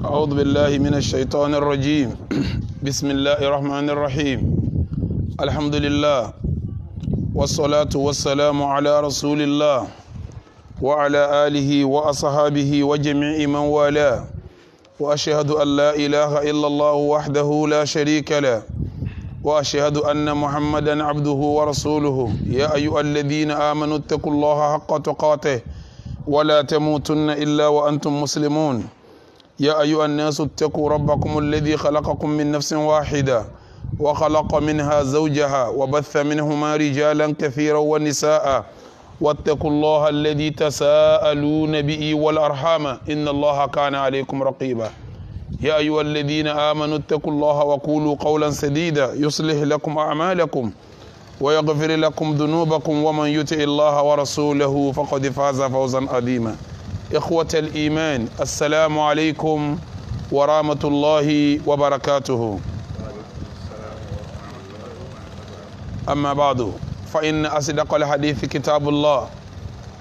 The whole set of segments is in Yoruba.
أعوذ بالله من الشيطان الرجيم بسم الله الرحمن الرحيم الحمد لله والصلاة والسلام على رسول الله وعلى آله وأصحابه وجميع من والاه وأشهد أن لا إله إلا الله وحده لا شريك له وأشهد أن محمدا عبده ورسوله يا أيها الذين آمنوا اتقوا الله حق تقاته ولا تموتن إلا وأنتم مسلمون يا أيها الناس اتقوا ربكم الذي خلقكم من نفس واحدة وخلق منها زوجها وبث منهما رجالا كثيرا ونساء واتقوا الله الذي تساءلون به والأرحام إن الله كان عليكم رقيبا يا أيها الذين آمنوا اتقوا الله وقولوا قولا سديدا يصلح لكم أعمالكم ويغفر لكم ذنوبكم ومن يطع الله ورسوله فقد فاز فوزا عظيما إخوة الإيمان السلام عليكم ورحمة الله وبركاته أما بعد فإن أصدق الحديث كتاب الله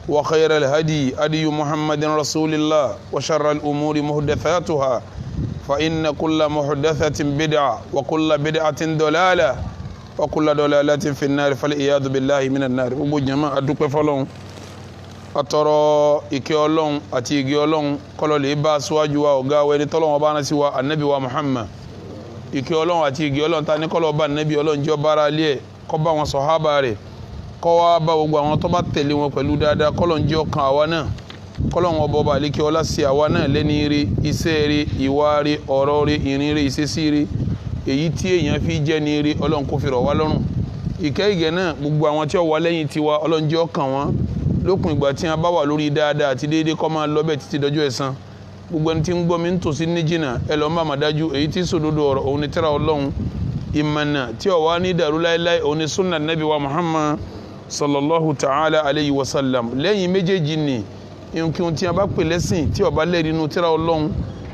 وخير الهدي أدي محمد رسول الله وشر الأمور محدثاتها فإن كل محدثة بدعة وكل بدعة دلالة وكل دلالة في النار فالعياذ بالله من النار أبو جماعة دوك فلون atọrọ ìkẹ́ Ọlọ́run àti ìgẹ́ Ọlọ́run kọlọlẹ bá aṣíwájú wa ọ̀gá wa ẹni tọlọ́run ọba náà sí wa anabi wa Muhammad ìkẹ́ Ọlọ́run àti ìgẹ́ Ọlọ́run ta ní kọlọ ọba anabi Ọlọ́run jọ bára alẹ ẹ kọ bá wọn sọhábà rẹ̀ kọ wá bá gbogbo àwọn tó bá tẹ̀lé wọn pẹ̀lú dáadáa kọlọn jọ kan àwa náà kọlọn ọba ọba àlekẹ ọlá sí àwa náà lẹni rí iṣẹ́ rí ìwà rí ọ̀rọ̀ rí ìrìn rí ìṣesí rí èyí tí èèyàn fi jẹ ní rí Ọlọ́run kò fi rọ̀ wá lọ́rùn ìkẹ́ ìgẹ̀ náà gbogbo àwọn tí ó wà lẹ́yìn tiwa Ọlọ́run jọ kàn wọ́n lókun ìgbà tí a bá wà lórí dáadáa àti déédéé kọ́ máa lọ bẹ́ẹ̀ títí dọjọ́ ẹ̀san gbogbo ẹni tí ń gbọ́ mi ń tòsí ní jìnnà ẹ lọ́n bá mà dájú èyí tí sòdodo ọ̀rọ̀ òun ni tẹ́ra ọlọ́run ìmọ̀nà tí ó wà ní ìdàrú láéláé òun ni sunna nabi wa muhammad sallallahu ta'ala alayhi wa sallam lẹ́yìn méjèèjì ni nkun tí a bá pè lẹ́sìn tí ó bá lẹ́rìí nu tẹ́ra ọlọ́run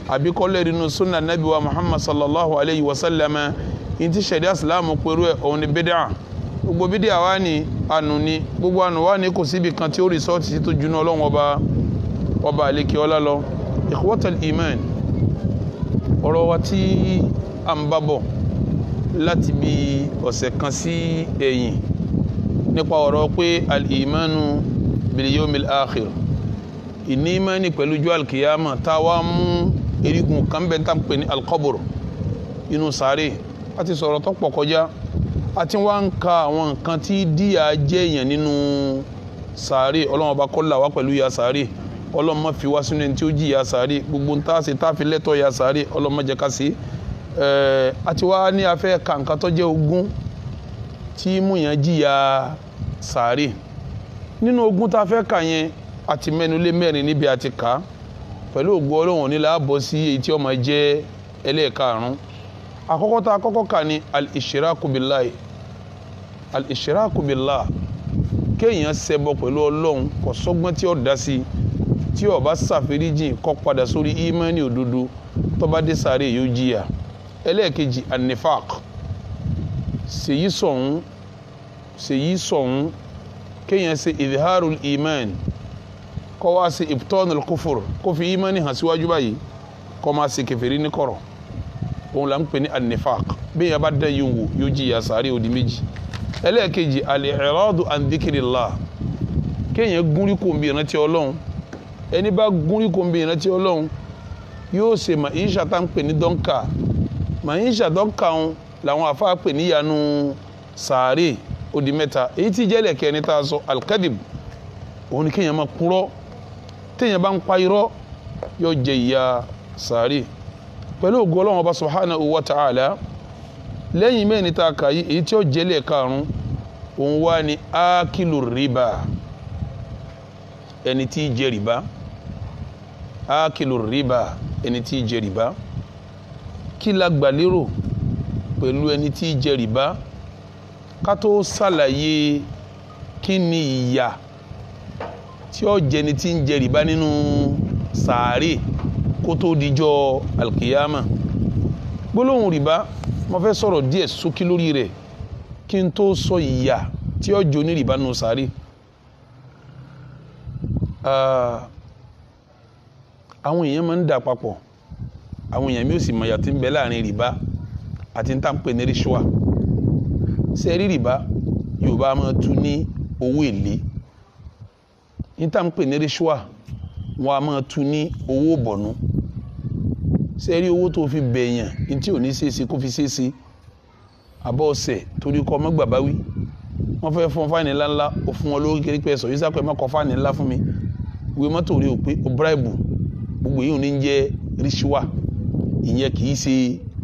àbí kò lẹ́rìí nu sunna nabi wa muhammad sallallahu alayhi wa sallam ní ti sẹ̀dí gbogbo bídíà wa ni ànú ni gbogbo ànú wa ni kò síbi kan tí ó rìsọ́ọ̀tì sí tó juná ọlọ́run ọba ọba àlekè ọlá lọ ikhwatal iman ọ̀rọ̀ wa tí à ń bá bọ̀ láti bí ọ̀sẹ̀ kan sí ẹ̀yìn nípa ọ̀rọ̀ pé al-imanu bil akhir ìní ìmánì pẹ̀lú ju alkiyama tá a wá mú erigun kan bẹ́ẹ̀ tá pè ní alkọ́bùrù inú sáré a sọ̀rọ̀ tó pọ̀ kọjá a ti wá ń ka àwọn nǹkan tí díà jẹ́ èèyàn nínú sàárè ọlọ́run ọba kọ́lá wa pẹ̀lú ya sàárè ọlọ́run má fi wá sínú ẹni tí ó jìyà sàárè gbogbo ń tàṣe táfi lẹ́tọ̀ ya sàárè ọlọ́run má jẹ́ ká ṣe é a ti wá ní afẹ́ ka nǹkan tó jẹ́ ogún tí múyàn jìyà sàárè nínú ogún tá a fẹ́ kà yẹn àti mẹ́nulé mẹ́rin níbi àti kà á pẹ̀lú ògùn ọlọ́run ní láàbọ̀ sí èyí tí ó jẹ́ ẹlẹ́ẹ̀karùn-ún àkọ́kọ́ tá a kọ́kọ́ kà ní al-ishraku billahi al-ishraku billah kéèyàn ṣẹbọ pẹ̀lú ọlọ́run kò sọ́gbọ́n tí ó dá sí i tí ó bá ṣàforíjìn kó padà sórí ímánì òdodo tó bá dé sáré yóò jìyà ẹlẹ́ẹ̀kejì anifak ṣèyí sọ̀hún ṣèyí sọ̀hún kéèyàn ṣe ìdíhàrul iman kó wá ṣe ibtonul kufur kó fi ímánì hàn síwájú báyìí kó máa ṣe kèfèrí ní kọ̀rọ̀ òun là ń pè ní anifak bí yẹn bá dá wò yóò jìyà sáré òdì méjì ẹlẹ́ẹ̀kejì al-i'radu an dhikrillah kéèyàn gúnrí kò ń bí ìrántí ọlọ́run ẹni bá gúnrí kò ń bí ìrántí ọlọ́run yóò ṣe màáyíṣà tá ń pè ní dọ́ńkà màáyíṣà dọ́ńkà ń làwọn àfa pè níyanu sàárè odi mẹ́ta èyí tí jẹ́ ẹlẹ́kẹ̀ẹ́ni tá a sọ al òun ni kéèyàn máa kúrọ́ téèyàn bá ń pa irọ́ yóò jẹ ìyà sàárè pẹ̀lú ògo ọlọ́run ọba subhanahu wa ta'ala lẹ́yìn mẹ́rin tá a èyí tí ó jẹ́ ẹlẹ́karùn-ún òun wá ní ákìlù rìbá ẹni tí í jẹ rìbá ákìlù rìbá ẹni tí í jẹ rìbá kí la gbà lérò pẹ̀lú ẹni tí í jẹ rìbá ká tó ṣàlàyé kí ni ìyà tí ó jẹ tí ń jẹ rìbá nínú sàárè kó tó dijọ́ alkiyama gbólóhùn rìbá mo fẹ́ sọ̀rọ̀ díẹ̀ ṣókí lórí rẹ̀ kí n tó sọ ìyà tí ó jó ní rìbánu sáré ah, àwọn èèyàn máa ń dà papọ̀ àwọn èèyàn mi ò sì mọ ìyàtí ń bẹ láàrin rìbá àti ń tàǹpẹ̀ ní ríṣùà ṣe rí rìbá Yorùbá máa tú ní owó èlé ní tàǹpẹ̀ ní ríṣùà wọn a máa tú ní owó bọ̀nú ṣe rí owó tó fi bẹ̀yàn ní tí ò ní ṣeéṣe kó fi ṣeéṣe àbọ̀ ọ̀sẹ̀ torí kọ́ ọmọ gbàgbá wí wọ́n fẹ́ fún fáìní ńláńlá ó fún wọn lórí kékeré pẹ̀sọ̀ yìí sápẹ́ mọ́kọ fáìní ńlá fún mi ìwé mọ́tò rí o pé o bíráìbù gbogbo yìí ò ní jẹ́ ríṣíwá ìyẹn kì í ṣe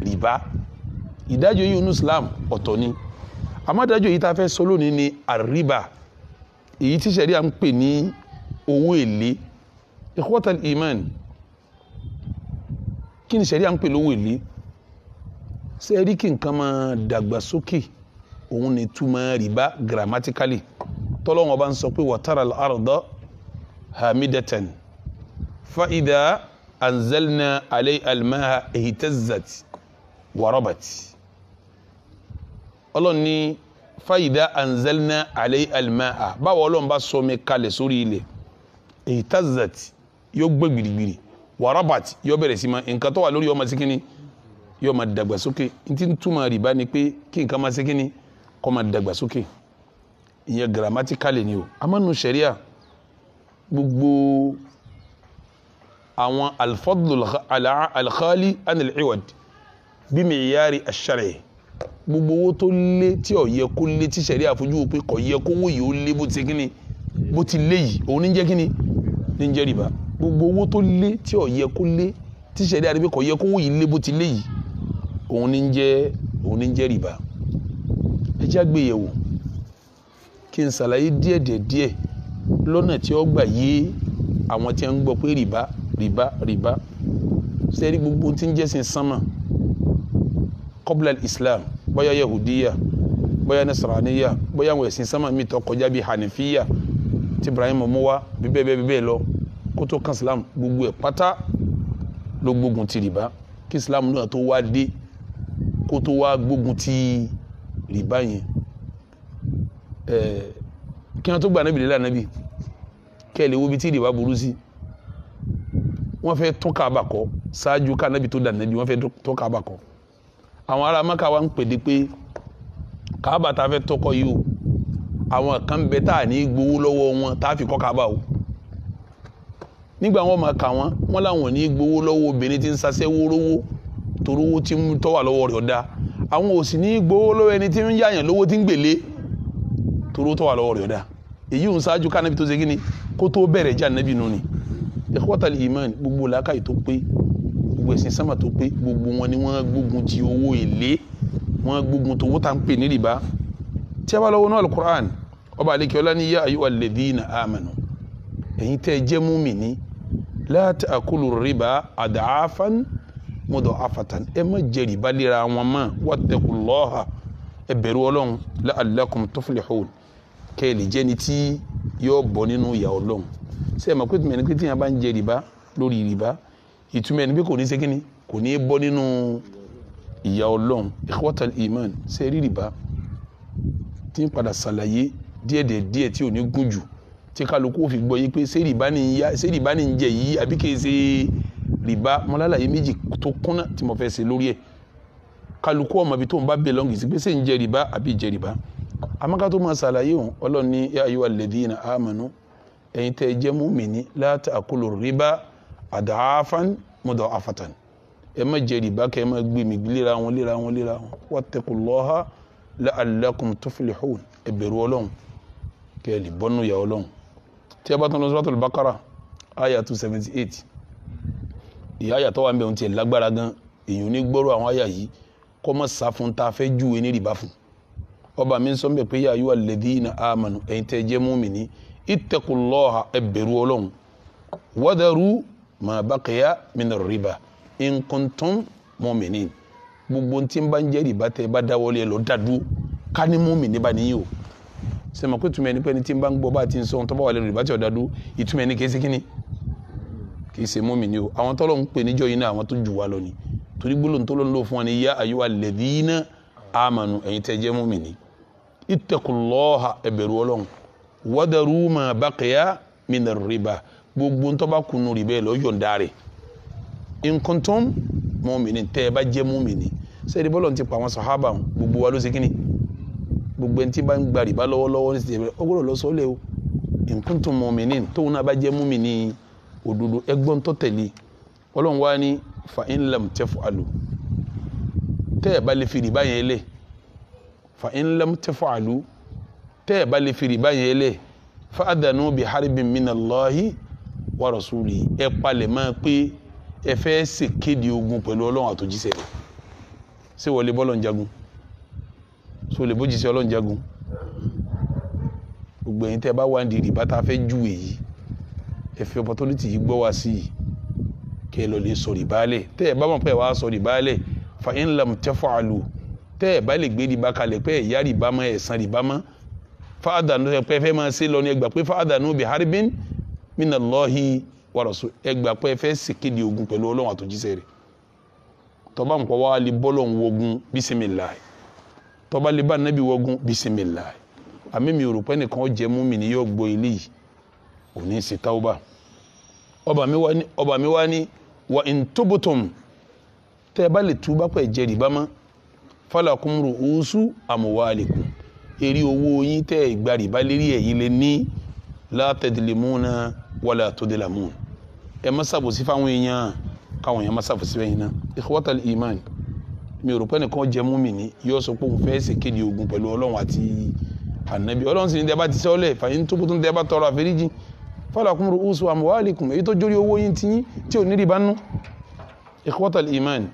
rìbá ìdájọ́ yìí nínú Islam ọ̀tọ̀ ni àmọ́dájọ́ yìí tá a fẹ́ sọ lónìí ni àríbà èyí tí sẹ́ríà ń pè ní owó èlé ikhwatal iman kí ni sẹ́ríà ń pè lówó èlé ṣé ẹ rí kí nǹkan máa dàgbàsókè òun ni túmọ̀ rìbá grammatically tọ́lọ́wọ́n bá ń sọ pé wàtara àròdọ́ hamidatan fa'ida anzalna alay almaha ehitazat warabat ọlọ́ni fa'ida anzalna alay almaha báwo ọlọ́run bá sọ mi kalẹ̀ sórí ilẹ̀ ehitazat yóò gbé gbìrìgbìrì warabat yóò bẹ̀rẹ̀ sí ma nǹkan tó wà lórí ọmọ sí yóò máa dàgbàsókè ntí ń túmọ̀ rìbá ni pé kí nǹkan máa ṣe kíni kọ́ máa dàgbàsókè ìyẹn grammatically ni o amánu sẹ̀ríà gbogbo àwọn alfadlu alkhali anil iwad bí mi yára aṣáré gbogbo owó tó lé tí ò yẹ kó lé tí sẹ̀ríà fojú wo pé kò yẹ kó wó yìí ó lé bó ti ṣe kíni bó ti lé yìí òun ní jẹ́ kíni ní jẹ́ rìbá gbogbo owó tó lé tí ò yẹ kó lé tí sẹ̀ríà rí pé kò yẹ kó wó yìí lé bó ti lé yìí òun ní jẹ́ òun ní jẹ́ rìbá ẹ já gbéyẹ̀wò kí n ṣàlàyé díẹ̀díẹ̀díẹ̀ lọ́nà tí ó gbà yé àwọn tí wọ́n ń gbọ́ pé rìbá rìbá rìbá sẹ́rí gbogbo tí ń jẹ́sìn sánmà kọ́bílà islam bóyá yahudiya bóyá nasaraniya bóyá àwọn ẹ̀sìn sánmà mi tó kọjá bíi hanifiya tí ibrahim muwa bíbẹ́ bẹ́ẹ̀ bẹ́ẹ̀ lọ kó tó kan islam gbogbo ẹ̀ pátá ló gbógun ti rìbá kí islam náà tó wá dé kó tó wá gbógun ti rìbá yẹn kí wọ́n tó gba anábì lélẹ̀ anábì kẹ́ ẹ̀ lè wo ibi tí rìbá burú sí wọ́n fẹ́ tún Káàbà kọ́ ṣáájú ká anábì tó dà anábì wọ́n fẹ́ tún Káàbà kọ́ àwọn ará Mákà wa ń pèdè pé Káàbà tá a fẹ́ tọkọ yìí o àwọn kan bẹ tá a ní gbowó lọ́wọ́ wọn tá a fi kọ́ Káàbà o nígbà wọn máa kà wọn wọn làwọn ò ní gbowó lọ́wọ́ obìnrin tí ń sasẹ́ wórówó torí owó tí ń tọ́wà lọ́wọ́ rẹ̀ ọ̀dá àwọn ò sì ní gbowó lọ́wọ́ ẹni tí ń yàyàn lówó tí ń gbèlé torí owó tọ́wà lọ́wọ́ rẹ̀ ọ̀dá èyí ń ṣáájú ká nàbí tó ṣe kíni kó tó bẹ̀rẹ̀ já nàbí nù ni ikhwatal iman gbogbo làákàyè tó pé gbogbo ẹ̀sìn sámà tó pé gbogbo wọn ni wọ́n gbógun ti owó èlé wọ́n gbógun tó owó tá ń pè ní rìbá tí a bá lọ́wọ́ náà alukur'an ọba àlekè ọlá mọ́dọ̀ afatan ẹ má jẹ́rìí bá lera wọn mọ́ wattaqullaha ẹ bẹ̀rù ọlọ́run la'allakum tuflihun kẹ́ ẹ lè jẹ́ ni tí yóò bọ̀ nínú ìyà ọlọ́run ṣé ẹ mọ̀ pé tùmẹ̀ ní pé tíyẹn bá ń jẹ rìbá lórí rìbá ìtumẹ̀ ní pé kò ní ṣe kíni kò ní bọ́ nínú ìyà ọlọ́run ikhwatal iman ṣe rí rìbá tí ń padà ṣàlàyé díẹ̀dẹ̀ díẹ̀ tí ò ní gùn jù tí kálukú fi gbọ́ yí pé ṣé rìbá ni ń jẹ yìí àbí kì í ṣe rìbá mo lálàyé méjì tó kúnná tí mo fẹ́ ṣe lórí ẹ̀ kálukú ọmọ ibi tó ń bá bẹ̀lọ́ngì sí pé ń jẹ rìbá àbí ìjẹ rìbá amaka máa ṣàlàyé òun ọlọ́run ní yá wa lẹ́dínà àmánú ẹ̀yin tẹ́ ẹ jẹ́ múmìnì láti àkólò rìbá àdáfán mọ̀dọ̀ àfàtàn ẹ má jẹ riba kẹ́ ẹ má gbé mi léra wọn léra wọn léra wọn wattaqullaha la'allakum tuflihun ẹ bẹ̀rù ọlọ́run kẹ́ ẹ lè bọ́nú yà ọlọ́run tí a bá tún lọ suratul Baqara àyà seventy eight ìyá àyà tó wà ń bẹ̀ ń tiẹ̀ lágbára gan èyàn ní gbọ́rọ̀ àwọn àyà yìí kọ́ mọ́ sá fún ta fẹ́ júwe ní rìbá fún ọba mi sọ bẹ́ẹ̀ pé yà yóò alladhina amanu ẹ̀yin tẹ́ jẹ́ mùmínì ittaqullaha ẹ bẹ̀rù ọlọ́run wadaru ma baqiya min ar-riba in kuntum mu'minin gbogbo tí n bá ń jẹ́ rìbá tẹ́ bá dáwọ́lé ẹ lọ dàdú ká ní mùmínì bá níyì o sẹ́mi kó tùmẹ̀ nípa ẹni tí n bá ń gbọ́ bá ti ń sọ ohun bá wà lẹ́nu rìbá tí ò ìtumẹ̀ ní kéésì kínní kì í ṣe mùmínì o àwọn tọ́lọ̀ ń pè níjọ́ yìí náà àwọn tó jù wá lọ ni torí gbólóhùn tó ń lò fún wa ni yá àyíwá lẹ́dínà àmànù ẹ̀yin tẹ́ jẹ́ mùmínì ittaqullaha ẹ bẹ̀rù Ọlọ́run wadaru ma baqiya minar riba gbogbo ń tó bá kunu rìbá ẹ̀ lọ yọ̀ǹda rẹ̀ in kuntum mùmínì tẹ́ ẹ bá jẹ́ mùmínì sẹ́ẹ̀dì bọ́lọ̀ ti pa àwọn sàhábà gbogbo wa ló ṣe kíni ń ti tẹ̀ òdodo ẹgbọ́n tó tẹ̀lé ọlọ́run wá ní fa in lam taf'alu tẹ́ ẹ̀ bá lè fi rìbá yẹn lẹ̀ fa in lam taf'alu tẹ́ ẹ̀ bá lè fi rìbá yẹn lẹ̀ fa adanu bi mina minallahi wa rasuli ẹ palẹ̀ mọ́ pé ẹ fẹ́ ṣe kéde ogun pẹ̀lú ọlọ́run àtòjíṣẹ́ rẹ̀ ṣé wọ́n lè bọ́lọ̀ ń jagun ṣé wọ́n lè bójì sí ọlọ́run jagun gbogbo ẹ̀yin tẹ́ ẹ bá wà ní rìbá tá a fẹ́ júwe yìí ẹ fi opportunity yìí gbọ́ wá sí i kẹ́ ẹ lọ lè sọ̀rì baálẹ̀ tẹ́ ẹ bá mọ̀ pé ẹ wá sọ̀rì fa in lam taf'alu tẹ́ ẹ bá lè gbé rìbá kalẹ̀ pé ẹ̀ yá rìbá mọ́ ẹ̀ san rìbá mọ́ fáadà nù ẹ pé fẹ́ máa ṣe lọ ni ẹ gbà pé fáadà nù bi harbin minallahi wa rasul ẹ gbà pé ẹ fẹ́ ṣèkéde ogun pẹ̀lú ọlọ́run àtòjíṣẹ́ rẹ̀ tọ́ba nǹkan wá lè bọ́lọ̀ ń wogun bisimilahi tọ́ba lè bá nàbí wogun bisimilahi àmì mi rò pé nìkan ó mú mi ní yóò gbọ́ ilé yìí òní ṣe tauba ọba mi wá ní wa in tubutum tẹ́ ẹ bá lè túbá pẹ̀ jẹ rìbá mọ́ falakum ru'usu amwalikum èrè owó yín tẹ́ ẹ gba rìbá lérí ní la tadlimuna wala tudlamun ẹ má ṣàbòsí fáwọn èèyàn káwọn èèyàn má ṣàbòsí bẹ́yìn náà ikhwatal iman mi ò rò pé nìkan jẹ́ mùmínì yóò sọ pé òun fẹ́ ṣe kéde ogun pẹ̀lú ọlọ́run àti ànábì ọlọ́run sì ní tẹ́ ti sọ́ọ́lẹ̀ fàyín tó bó tó ń tọrọ àforíjì falakum ru'usu amwalikum èyí tó jórí owó yín tiyín tí ò ní rìbá nú ikhwatal iman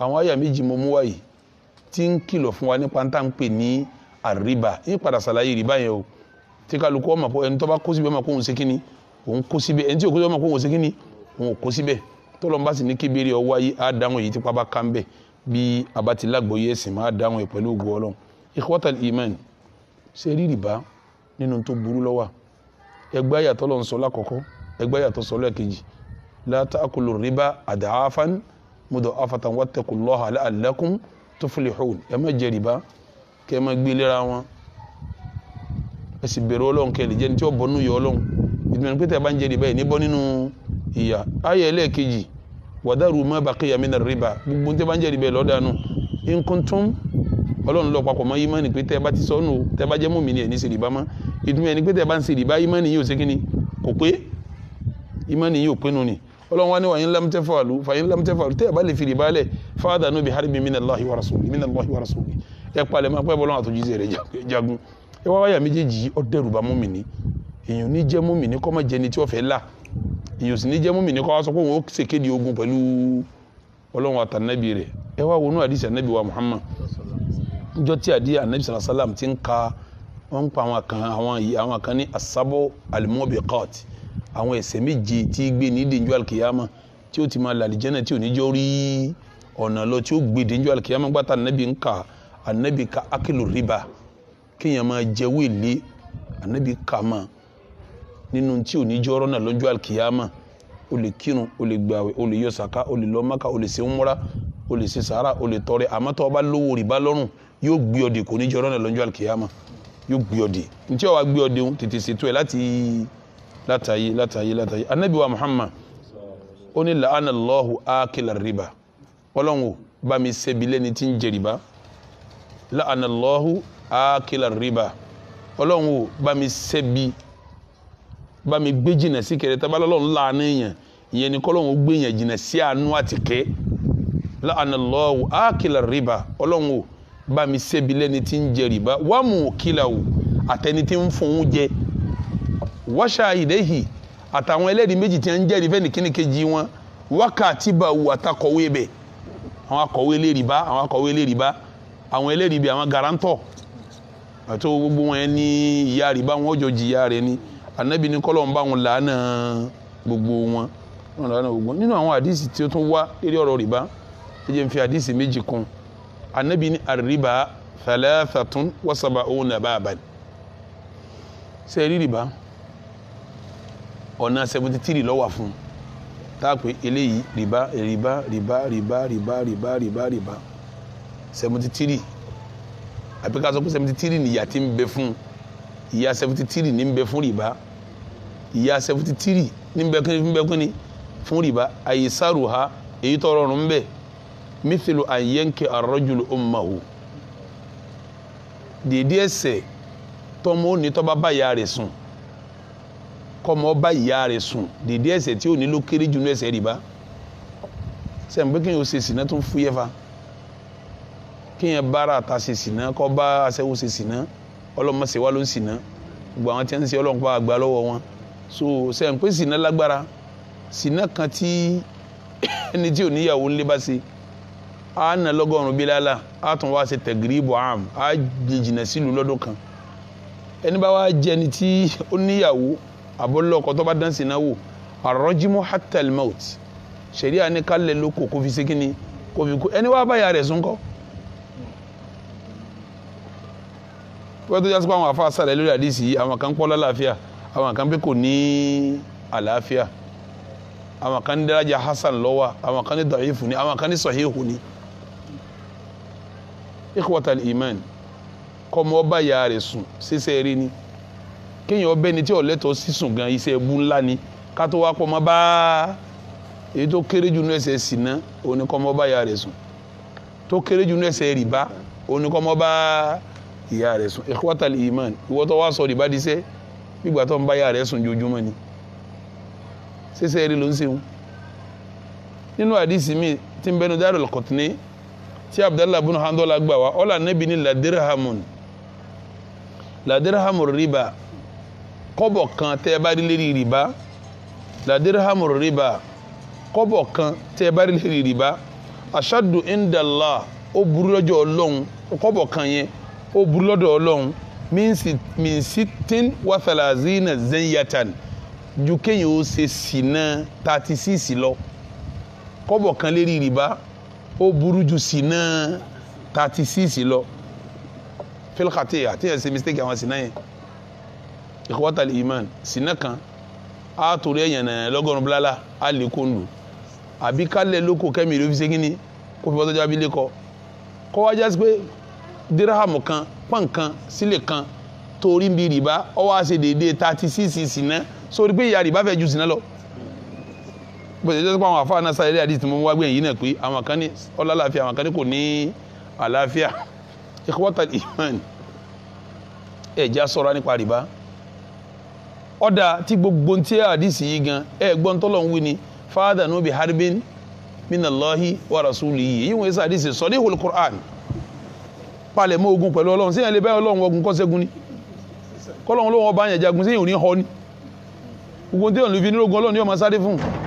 àwọn àyà méjì mo mú wáyé tí ń kìlọ̀ fún wa nípa tá à ń pè ní àríbà yín padà ṣàlàyé rìbá yẹn o tí kálukú ọmọ pọ ẹni tó bá kó síbẹ̀ ọmọ kó òun ṣe kíni òun kó síbẹ̀ ẹni tí òkú ọmọ kó òun ṣe kíni òun ò kó síbẹ̀ tọ́lọ́mbà sì ní kébèrè ọwọ́ ayé èyí tipa bá ká bẹ̀ bí abatilágbóyè ẹ̀sìn máa dáhùn ẹ̀ pẹ̀lú ògùn ọlọ́run ikhwatal iman ṣe rí rìbá nínú tó burú lọ́wọ́ ẹgbẹ́ àyàtọ̀ lọ́n sọ lákọ̀ọ́kọ́ ẹgbẹ́ àyàtọ̀ sọ lẹ́ẹ̀kejì la ta'kulu riba ad'afan muda'afatan wattaqullaha la'allakum tuflihun ẹ má jẹ rìbá kẹ má gbé lera wọn ẹ sì bẹ̀rù ọlọ́run kẹ lè jẹ́ ní tí ó bọ́ nínú ìyà ọlọ́run ìdùnnú pété bá ń jẹ rìbá yìí ní bọ́ nínú ìyà ayé ẹlẹ́ẹ̀kejì wadaru ma baqiya mina gbogbo ní tí bá ń jẹ rìbá yìí lọ́dàánú in kuntum ọlọ́run lọ papọ̀ mọ́ ìmánì pé tẹ́ ẹ bá ti sọ nù tẹ́ ẹ bá jẹ́ mùmínì ẹ̀ ní ṣe rìbá mọ́ ìtumọ̀ ẹni pé tẹ́ ẹ bá ń ṣe rìbá ìmánì yìí ò ṣe kíni kò pé ìmánì yìí ò pé ni ọlọ́run wa ni wàyín lamtẹ́ fàlù fàyín lamtẹ́ fàlù tẹ́ ẹ bá lè fi rìbá fáadà nù haribi minallahi wa rasuli minallahi wa rasuli ẹ palẹ̀ máa pẹ́ bọ́lọ́run àtòjíṣẹ́ rẹ̀ jagun ẹ wá wáyà méjèèjì ó dẹ́rù bà mùmínì èèyàn ní jẹ́ mùmínì kọ́ máa jẹni tí ó fẹ́ là èèyàn sì ní jẹ́ mùmínì kọ́ wá àdìsí ànábì wa Muhammad njọ́ tí di anabi sàlá sàlám ti ń ka wọ́n ń pa àwọn kan àwọn yìí àwọn kan ní asabo alimobiqat àwọn ẹ̀ṣẹ̀ méje tí gbé ní dèjọ́ alikiyama tí ó ti máa làlìjẹ́nà tí ò ní jọ́ rí ọ̀nà lọ tí ó gbé dèjọ́ alikiyama gbàtà anabi ń ka anabi ka akilu riba kéèyàn máa jẹ wéèlé anabi ka ma nínú tí ò ní jọ́ ọ̀rọ̀ lọ́jọ́ alikiyama o lè kírun o lè gbàwẹ̀ o lè yọ sàká o lè lọ Mákà o lè ṣe umura o lè ṣe sàárà o lè tọrẹ àmọ́ tó lówó rìbá lọ́rùn yóò gbé ọdẹ kò ní jẹ ọ̀rọ̀ náà lọ́jọ́ àlùkìyàmà yóò gbé ọdẹ ntí ọwà gbé ọdẹ ń tètè ṣètò ẹ láti látàyè látàyè látàyè anabi wa muhammad ó ní la'ana allahu akila riba ọlọ́run o bá mi ṣẹbi lẹ́ni tí ń jẹ riba la'ana allahu akila riba ọlọ́run o bá mi ṣẹbi bá mi gbé jìnnà sí kẹrẹ tábà lọ́lọ́run láàánú yẹn ìyẹn ni kọ́lọ́run gbé yẹn jìnnà sí àánú àtìkẹ́ la'ana allahu akila riba ọlọ́run ba mi ṣẹ́bi lẹ́ni tí ń jẹ rìbá wà mú kílà o àtẹni tí ń fòun jẹ wáṣà ìdẹ́hì àtàwọn ẹlẹ́rìí méjì tí ń jẹ́rìí fẹ́ni kíni kejì wọn wákàtí bá wù àtàkọ̀wé bẹ̀ àwọn akọ̀wé lè rìbá àwọn akọ̀wé lè rìbá àwọn ẹlẹ́rìí bí àwọn garantọ̀ àti gbogbo wọn ní ìyá rìbá wọn jọ jìyà rẹ ni anabi ní kọ́lọ́ ń bá wọn làánà gbogbo wọn wọn gbogbo wọn nínú àwọn àdìsí tí ó tún wá eré ọ̀rọ̀ rìbá ẹ jẹ́ n fi àdìsí méjì kún un anabi ní àríbá thalathatun wa sab'una baban ṣe rí rìbá ọ̀nà seventy three ló wà fún tá a pè eléyìí rìbá rìbá rìbá rìbá rìbá rìbá rìbá rìbá seventy three àbí ká sọ pé seventy three nìyà tí ń bẹ fún ìyà seventy three ní ń bẹ fún rìbá ìyà seventy three ní ń bẹ mithilu an yanke arrajulu ummahu dèédé ẹ̀ṣẹ̀ tọmọ ò ní tọba ba ìyá rẹ̀ sùn kọmọ bá ìyá rẹ̀ sùn dèédé ẹ̀ṣẹ̀ tí ò ní ló kéré jù ní ẹ̀ṣẹ̀ rìbá sẹ́yìn pé kéèyàn ṣe sìnà tó ń fúyẹ́ fa kéèyàn bára ta ṣe sìnà kọ́ bá aṣẹ́wó ṣe sìnà ọlọ́mọ ṣe wá ló ń sìnà gbogbo àwọn tí wọ́n ń ṣe ọlọ́mọ àgbà lọ́wọ́ wọn so sẹ́yìn pé sìnà lágbára sìnà kan tí ẹni tí ò níyàwó ńlé bá ṣe a nà lọ́gọ́rùn-ún bílálà a tún wá ṣe tẹ̀gìrìbù àm a jẹ jìnnà sílùú lọ́dún kan ẹni bá wá jẹ ni tí ó níyàwó àbọ̀lọ́kọ tó bá dánsì náà wò àrọ́jímọ́ hatal maut ṣẹ̀ríà ní kálẹ̀ lóko kó fi ṣe kí ni kó fi kú ẹni wá báyà rẹ̀ sún kọ́. wọ́n tó jásí pé àwọn àfa àṣàlẹ̀ lórí àdìsí yìí àwọn kan pọ́ lálàáfíà àwọn kan pé kò ní àlàáfíà àwọn kan ní daraja hasan lọ́wọ́ àwọn kan ní dọ̀yìfù ni àwọn kan ní sọ̀híhù ni ikhwatal iman kọ́mọ ọba ìyá rẹ̀ sùn ṣiṣẹ́ rí ni kéèyàn ọbẹ̀ ni tí ọ̀lẹ́tọ̀ sísùn gan iṣẹ́ ẹbú ńlá ni ká tó wá pọ̀ mọ́ bá èyí tó kéré jù nú ẹsẹ̀ sìnà òun ni kọ́mọ ọba ìyá rẹ̀ sùn tó kéré jù nú ẹsẹ̀ rìbá òun ni ọba ìyá rẹ̀ sùn ikhwatal iman ìwọ tó sọ rìbá di iṣẹ́ tó ń bá ìyá rẹ̀ sùn jojúmọ́ ni ṣiṣẹ́ rí ló ń ṣeun nínú àdìsí mi tí ń bẹnu Darul Qutni tí abdullahi bin handola gbà wá ọ̀là níbi ní ladirhamun ladirhamun riba kọ́bọ̀ kan tẹ́ ẹ bá rí lérí riba ladirhamun riba kọ́bọ̀ kan tẹ́ ẹ bá rí lérí riba ashaddu indallah ó burú lọ́jọ́ ọlọ́run kọ́bọ̀ kan yẹn ó burú lọ́dọ̀ ọlọ́run min sitin wa thalazina zenyatan ju kéèyàn ó ṣe sínà thirty six lọ kọ́bọ̀ kan lérí riba ó burú ju sínà thirty six lọ filkati àti ẹ̀sìn mistake àwọn sínà yẹn ikhwatal iman sínà kan á torí ẹ̀yàn nàá lọ́gọ́rùn-ún bílálà á lè kó lù àbí kálẹ̀ lóko kẹ́mi ìlú fi ṣe kíni kó fi bọ́tọ́jú abilékọ kọ́ wá jásí pé dírámù kan pọ́n kan sílẹ̀ kan torí ń rìbá ó wá ṣe déédéé thirty six sínà sórí pé ìyá rìbá fẹ́ ju sínà lọ bó ṣe jẹ́ pé àwọn àfa náà sáré àdìsí tí mo wá gbẹ̀yìn yìí náà pé àwọn kan ní ọlá àlàáfíà àwọn kan ní kò ní àlàáfíà ikhwatal iman ẹ̀já sọ́ra nípa rìbá ọ̀dà tí gbogbo tí àdìsí yìí gan ẹ̀ gbọ́n tọ́lọ̀ ń wí ni fáadà nù bí harbin minallahi wa rasulihi yìí wọ́n ṣe àdìsí sọ ní ìhòòlù Qur'an palẹ̀ mọ́ ogun pẹ̀lú ọlọ́run síyàn lè bá ọlọ́run ogun kọ́sẹ́gun ni kọ́lọ́run ló wọ́n bá lè fi ọlọ́run yóò máa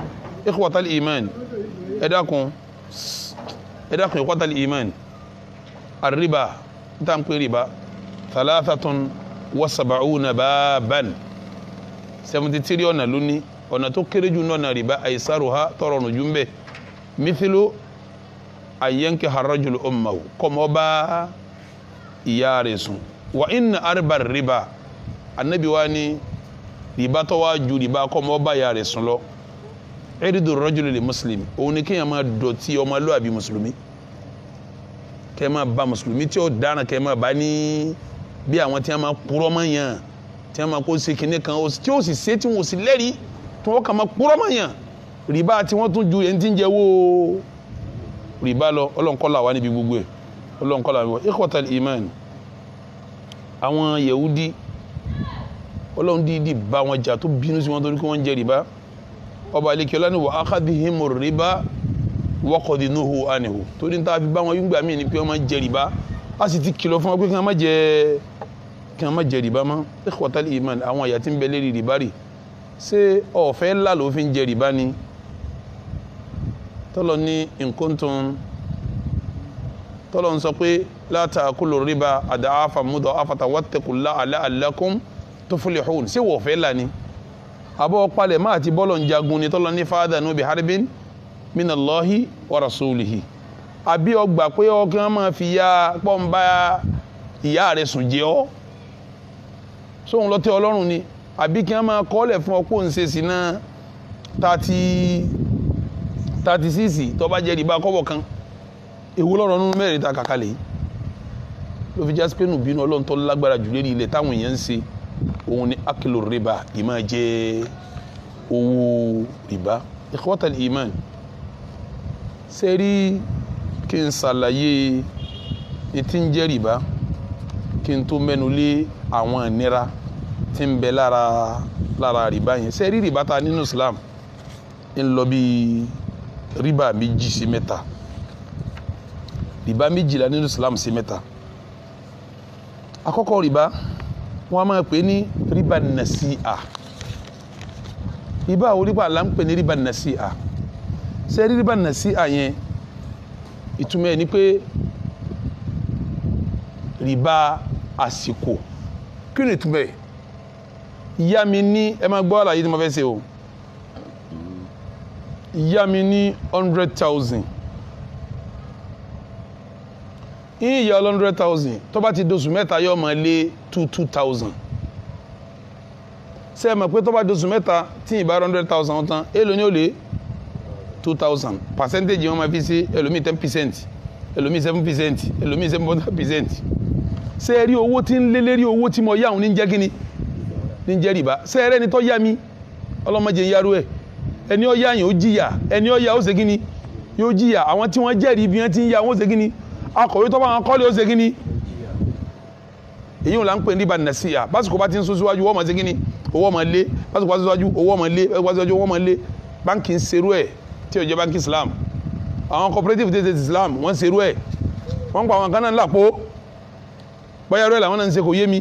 ikhwatal iman ẹ dákun ẹ dákun ikhwatal iman àríbà tá à ń pè ríbà thalathatun wa sab'una baban seventy three ọ̀nà lónìí ọ̀nà tó kéré jù náà ríbà àìsàrò ha tọrọ nù jù ń bẹ mithlu ayanke harajul ummahu kọ́mọ bá ìyá rẹ̀ sùn wa inna arba riba anabi wa ni riba tó wá ju riba kọ́mọ bá ìyá rẹ̀ sùn lọ ẹ̀rídò rọ́jòlè lè mùsùlùmí òun ni kéèyàn máa dọ̀tí ọmọlúwàbí mùsùlùmí kẹ́ẹ̀ máa ba mùsùlùmí tí ó dára kẹ́ẹ̀ máa bá ní bí àwọn tí wọ́n máa kúrọ́ mọ́ yàn tí wọ́n máa kó ṣe kinní kan tí ó sì ṣe tí wọ́n sì lẹ́rìí tí wọ́n kà máa kúrọ́ mọ́ yàn rìbá tí wọ́n tún ju ẹni tí ń jẹ wó rìbá lọ ọlọ́nkọ́lá wà níbi gbogbo ẹ̀ ọlọ́nkọ́lá wà ikhwatal iman àwọn yahudi ọlọ́run dídì bá wọn jà tó bínú sí wọn torí kí wọ́n jẹ rìbá ọba alekiola ni wà á ká dìhín mọ̀ rìbá wọ́kọ̀dì nóhù ànihu torí níta fi bá wọn yúngbà míì ni pé wọ́n máa jẹ rìbá a sì ti kìlọ̀ fún wọn pé kí wọ́n má jẹ kí wọ́n má jẹ rìbá mọ́ ikhwatal iman àwọn àyà tí ń bẹ lérí rìbá rì ṣé ọ̀fẹ́ ńlá ló fi ń jẹ rìbá ni tọ́lọ̀ ní nkóntun tọ́lọ̀ ń sọ pé láta àkúlò rìbá àdáhàfà mudọ̀ àfàtàwọ́tẹ̀kùlá àlá àlákùn tuflihun ṣé wọ́ọ̀fẹ́ ńlá ni àbọ̀ palẹ̀ máa ti bọ́lọ̀ ń jagun ni tọ́lọ́ ní fáadà mina harbin minallahi wa rasulihi àbí ọgbà pé ọkàn máa fi ya pọ́nba ìyá rẹ̀ sùn jẹ́ ọ́ sóhun lọ́tẹ́ ọlọ́run ni àbí kí wọ́n máa kọ́lẹ̀ fún ọpọ́ ń ṣe sí náà thirty thirty six tó bá jẹ́ ìdìbò akọ́bọ̀ kan èwo lọ́rọ̀ nínú mẹ́rin ta kàkálẹ̀ yìí ló fi jásí pé nùbínú ọlọ́run tó lágbára jù lérí ilẹ̀ táwọn èèyàn ń ṣe òun ni akilu riba ìmá jẹ owó riba ikhwatal iman sẹ́rí kí n ṣàlàyé etí ń jẹ́ riba kí n tó mẹ́nu lé àwọn ìnira tí ń bẹ lára lára riba yẹn sẹ́rí riba ta nínú Islam ń lọ bí riba méjì sí mẹ́ta riba méjìlá nínú Islam sí mẹ́ta àkọ́kọ́ riba wọ́n máa pè ní riba nasi'a ìbá wo riba là ń pè ní riba nasi'a ṣé riba nasi'a yẹn ìtumọ̀ ẹ̀ ni pé riba àsìkò kí ni ìtumọ̀ ẹ̀ ìyá mi ní ẹ máa gbọ́ àlàyé tí mo fẹ́ ṣe o ìyá mi ní hundred thousand ìyá ọlọ́ hundred thousand tó bá ti doṣù mẹ́ta yóò máa lé two two thousand ṣe é mọ̀ pé tó bá doṣù mẹ́ta tí ìbá hundred thousand tán èlò ni ó lé two thousand percentage wọn máa fi ṣe ẹlòmíì ten percent ẹlòmíì seven percent ẹlòmíì seven point five percent ṣe é rí owó tí ń lé lérí owó tí mo yá òun ní jẹ́ kí ni ní jẹ́ rìbá ṣe é rẹ́ni tó yá mi ọlọ́mọdé ń yarú ẹ̀ ẹni ó yá yẹn ó jìyà ẹni ó yá ó ṣe kí ni yóò jìyà àwọn tí wọ́n jẹ́rìí bí wọ́n ti ń yá wọ́n ṣe kí ni akọ̀wé tó bá wọn kọ́lé ó ṣe kíní èyí ò la ń pè ní ìbànú sí à básìkò bá ti ń sún síwájú owó ọmọ ṣe kíní owó ọmọ lé básìkò bá ti síwájú owó ọmọ lé básìkò bá ti síwájú owó ọmọ lé báńkì ń ṣerú ẹ̀ tí ò jẹ́ báńkì Islam àwọn cooperative tètè Islam wọ́n ń ṣerú ẹ̀ wọ́n ń pa àwọn kan náà lápò báyà rẹ̀ làwọn náà ń ṣe kò yé mi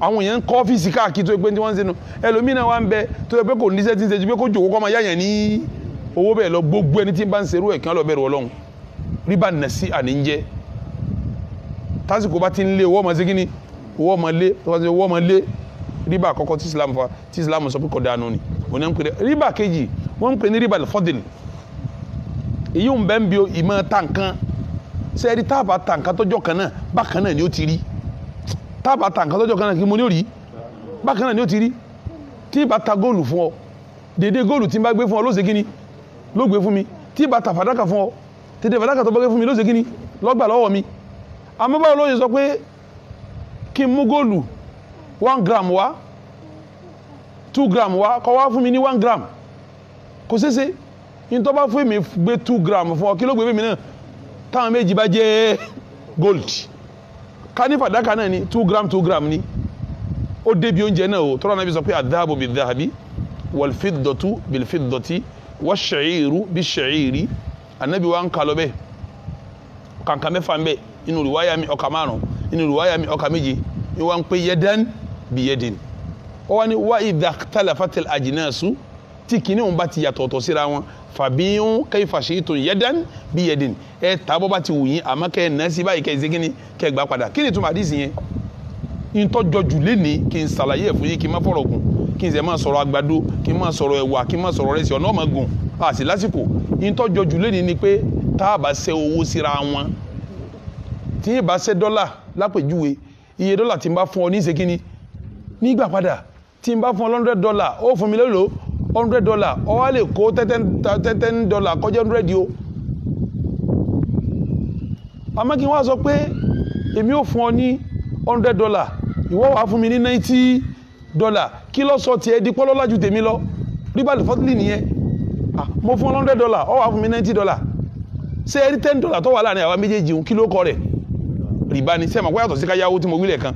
àwọn èèyàn ń kọ́ ọ́fíìsì káàkiri tó yẹ pé tí wọ́n ń ṣe nu ẹlòmínà wa ń bẹ tó yẹ pé kò níṣẹ́ tí ń ṣe ju pé kó jòkó kọ́ máa yáyàn ní owó bẹ́ẹ̀ lọ gbogbo ẹni tí ń bá ń ṣerú ẹ̀ kí wọ́n lọ bẹ̀rù Ọlọ́run riba nasi àní ń jẹ́ tásìkò bá ti ń lé owó ọmọ sí kíni owó ọmọ lé owó ọmọ riba àkọ́kọ́ tí islam fa tí islam sọ pé kò ni wọ́n ń pè riba kejì wọ́n ń pè riba al-fadl èyí ń bẹ́ ń bi ìmọ̀ tàǹkan sẹ́ẹ̀rí táàbà tàǹkan tọ́jọ́ kan náà bákan ni ó ti rí táàbà tàǹkan tọ́jọ́ kan náà kí mo ní ni ó ti rí tí ì bá ta góòlù fún ọ dédé góòlù tí n gbé fún ọ ló ṣe ni ló gbé fún mi tí ì bá ta fàdákà fún ọ tètè fàdákà tó bọ́gẹ́ fún mi ló ṣe kí ni lọ́gbà lọ́wọ́ mi àmọ́ báwo ló ṣe sọ pé kí n mú góòlù one gram wá two gram wá kọ́ wá fún mi ní one gram kò ṣeéṣe ní tó bá fún èmi gbé two gram fún ọ kí ló gbé fún mi náà táwọn méjì bá jẹ́ gold ká ní fàdákà náà ni two gram two gram ni ó débi oúnjẹ náà o tọ́lá náà fi sọ pé àdáàbò bíi dáàbí wàlfíìdọ̀tú bíi fíìdọ̀tí wàṣẹ̀yìrú bíi ṣẹ̀yìrì anabi wa ń kalọ bẹ́ẹ̀ ọ̀kàǹkà mẹ́fà ń bẹ́ẹ̀ inú rìwáyà mi ọ̀kà márùn inú rìwáyà mi ọ̀kà méje ni wọ́n ń pè yẹ́dán bí yẹ́dìn wọ́n wá ní wá ìdá tálàfàtàl àjìnàṣu tí kìíní òun bá ti yàtọ̀ ọ̀tọ̀ síra wọn fàbíyún kẹ́yìn fàṣẹ tó yẹ́dán bí yẹ́dìn ẹ tààbọ̀ bá ti wù yín àmọ́ kẹ́ ẹ nà báyìí kẹ́ ẹ ṣégin ni kẹ́ ẹ gbà padà kí ni ìtumọ̀ àdìsí yẹn ìtọ́jọ́jù lé ní kí n ṣàlàyé ẹ̀ fún yín kí n má fọ̀rọ̀ gùn kí n sẹ́ máa sọ̀rọ̀ àgbàdo kí n máa sọ̀rọ̀ ẹ̀wà kí n máa sọ̀rọ̀ rẹsì ọ̀nà ọ̀mọ̀ gùn àti lásìkò ìtọ́jọ jù lé ní ni pé tá a bá ṣe owó síra wọn tí n bá ṣe dọ́là lápèjúwe iye dọ́là tí n bá fún ọ ní ìṣèkíní nígbà padà tí n bá fún ọ lọ́ndẹ̀ dọ́là ó fún mi lélòó hundred dollar ọ wá lè kó ten ten dollar kọjá hundred o àmọ́ kí n wá sọ pé èmi ò fún ọ ní hundred dollar ìwọ wàá fún mi ní ninety dọ́là kí ló sọ tiẹ̀ di pọ́lọ́lá ju tèmi lọ ríbàlì fọ́tìlì nìyẹn mo fún one hundred dollar ó wá fún mi ninety dollar ṣé ẹ rí ten dollar tó wà láàrin àwa méjèèjì òun kí ló kọ rẹ̀ rìbá ni sẹ́mi àpò yàtọ̀ sí káyáwó tí mo wílẹ̀ kan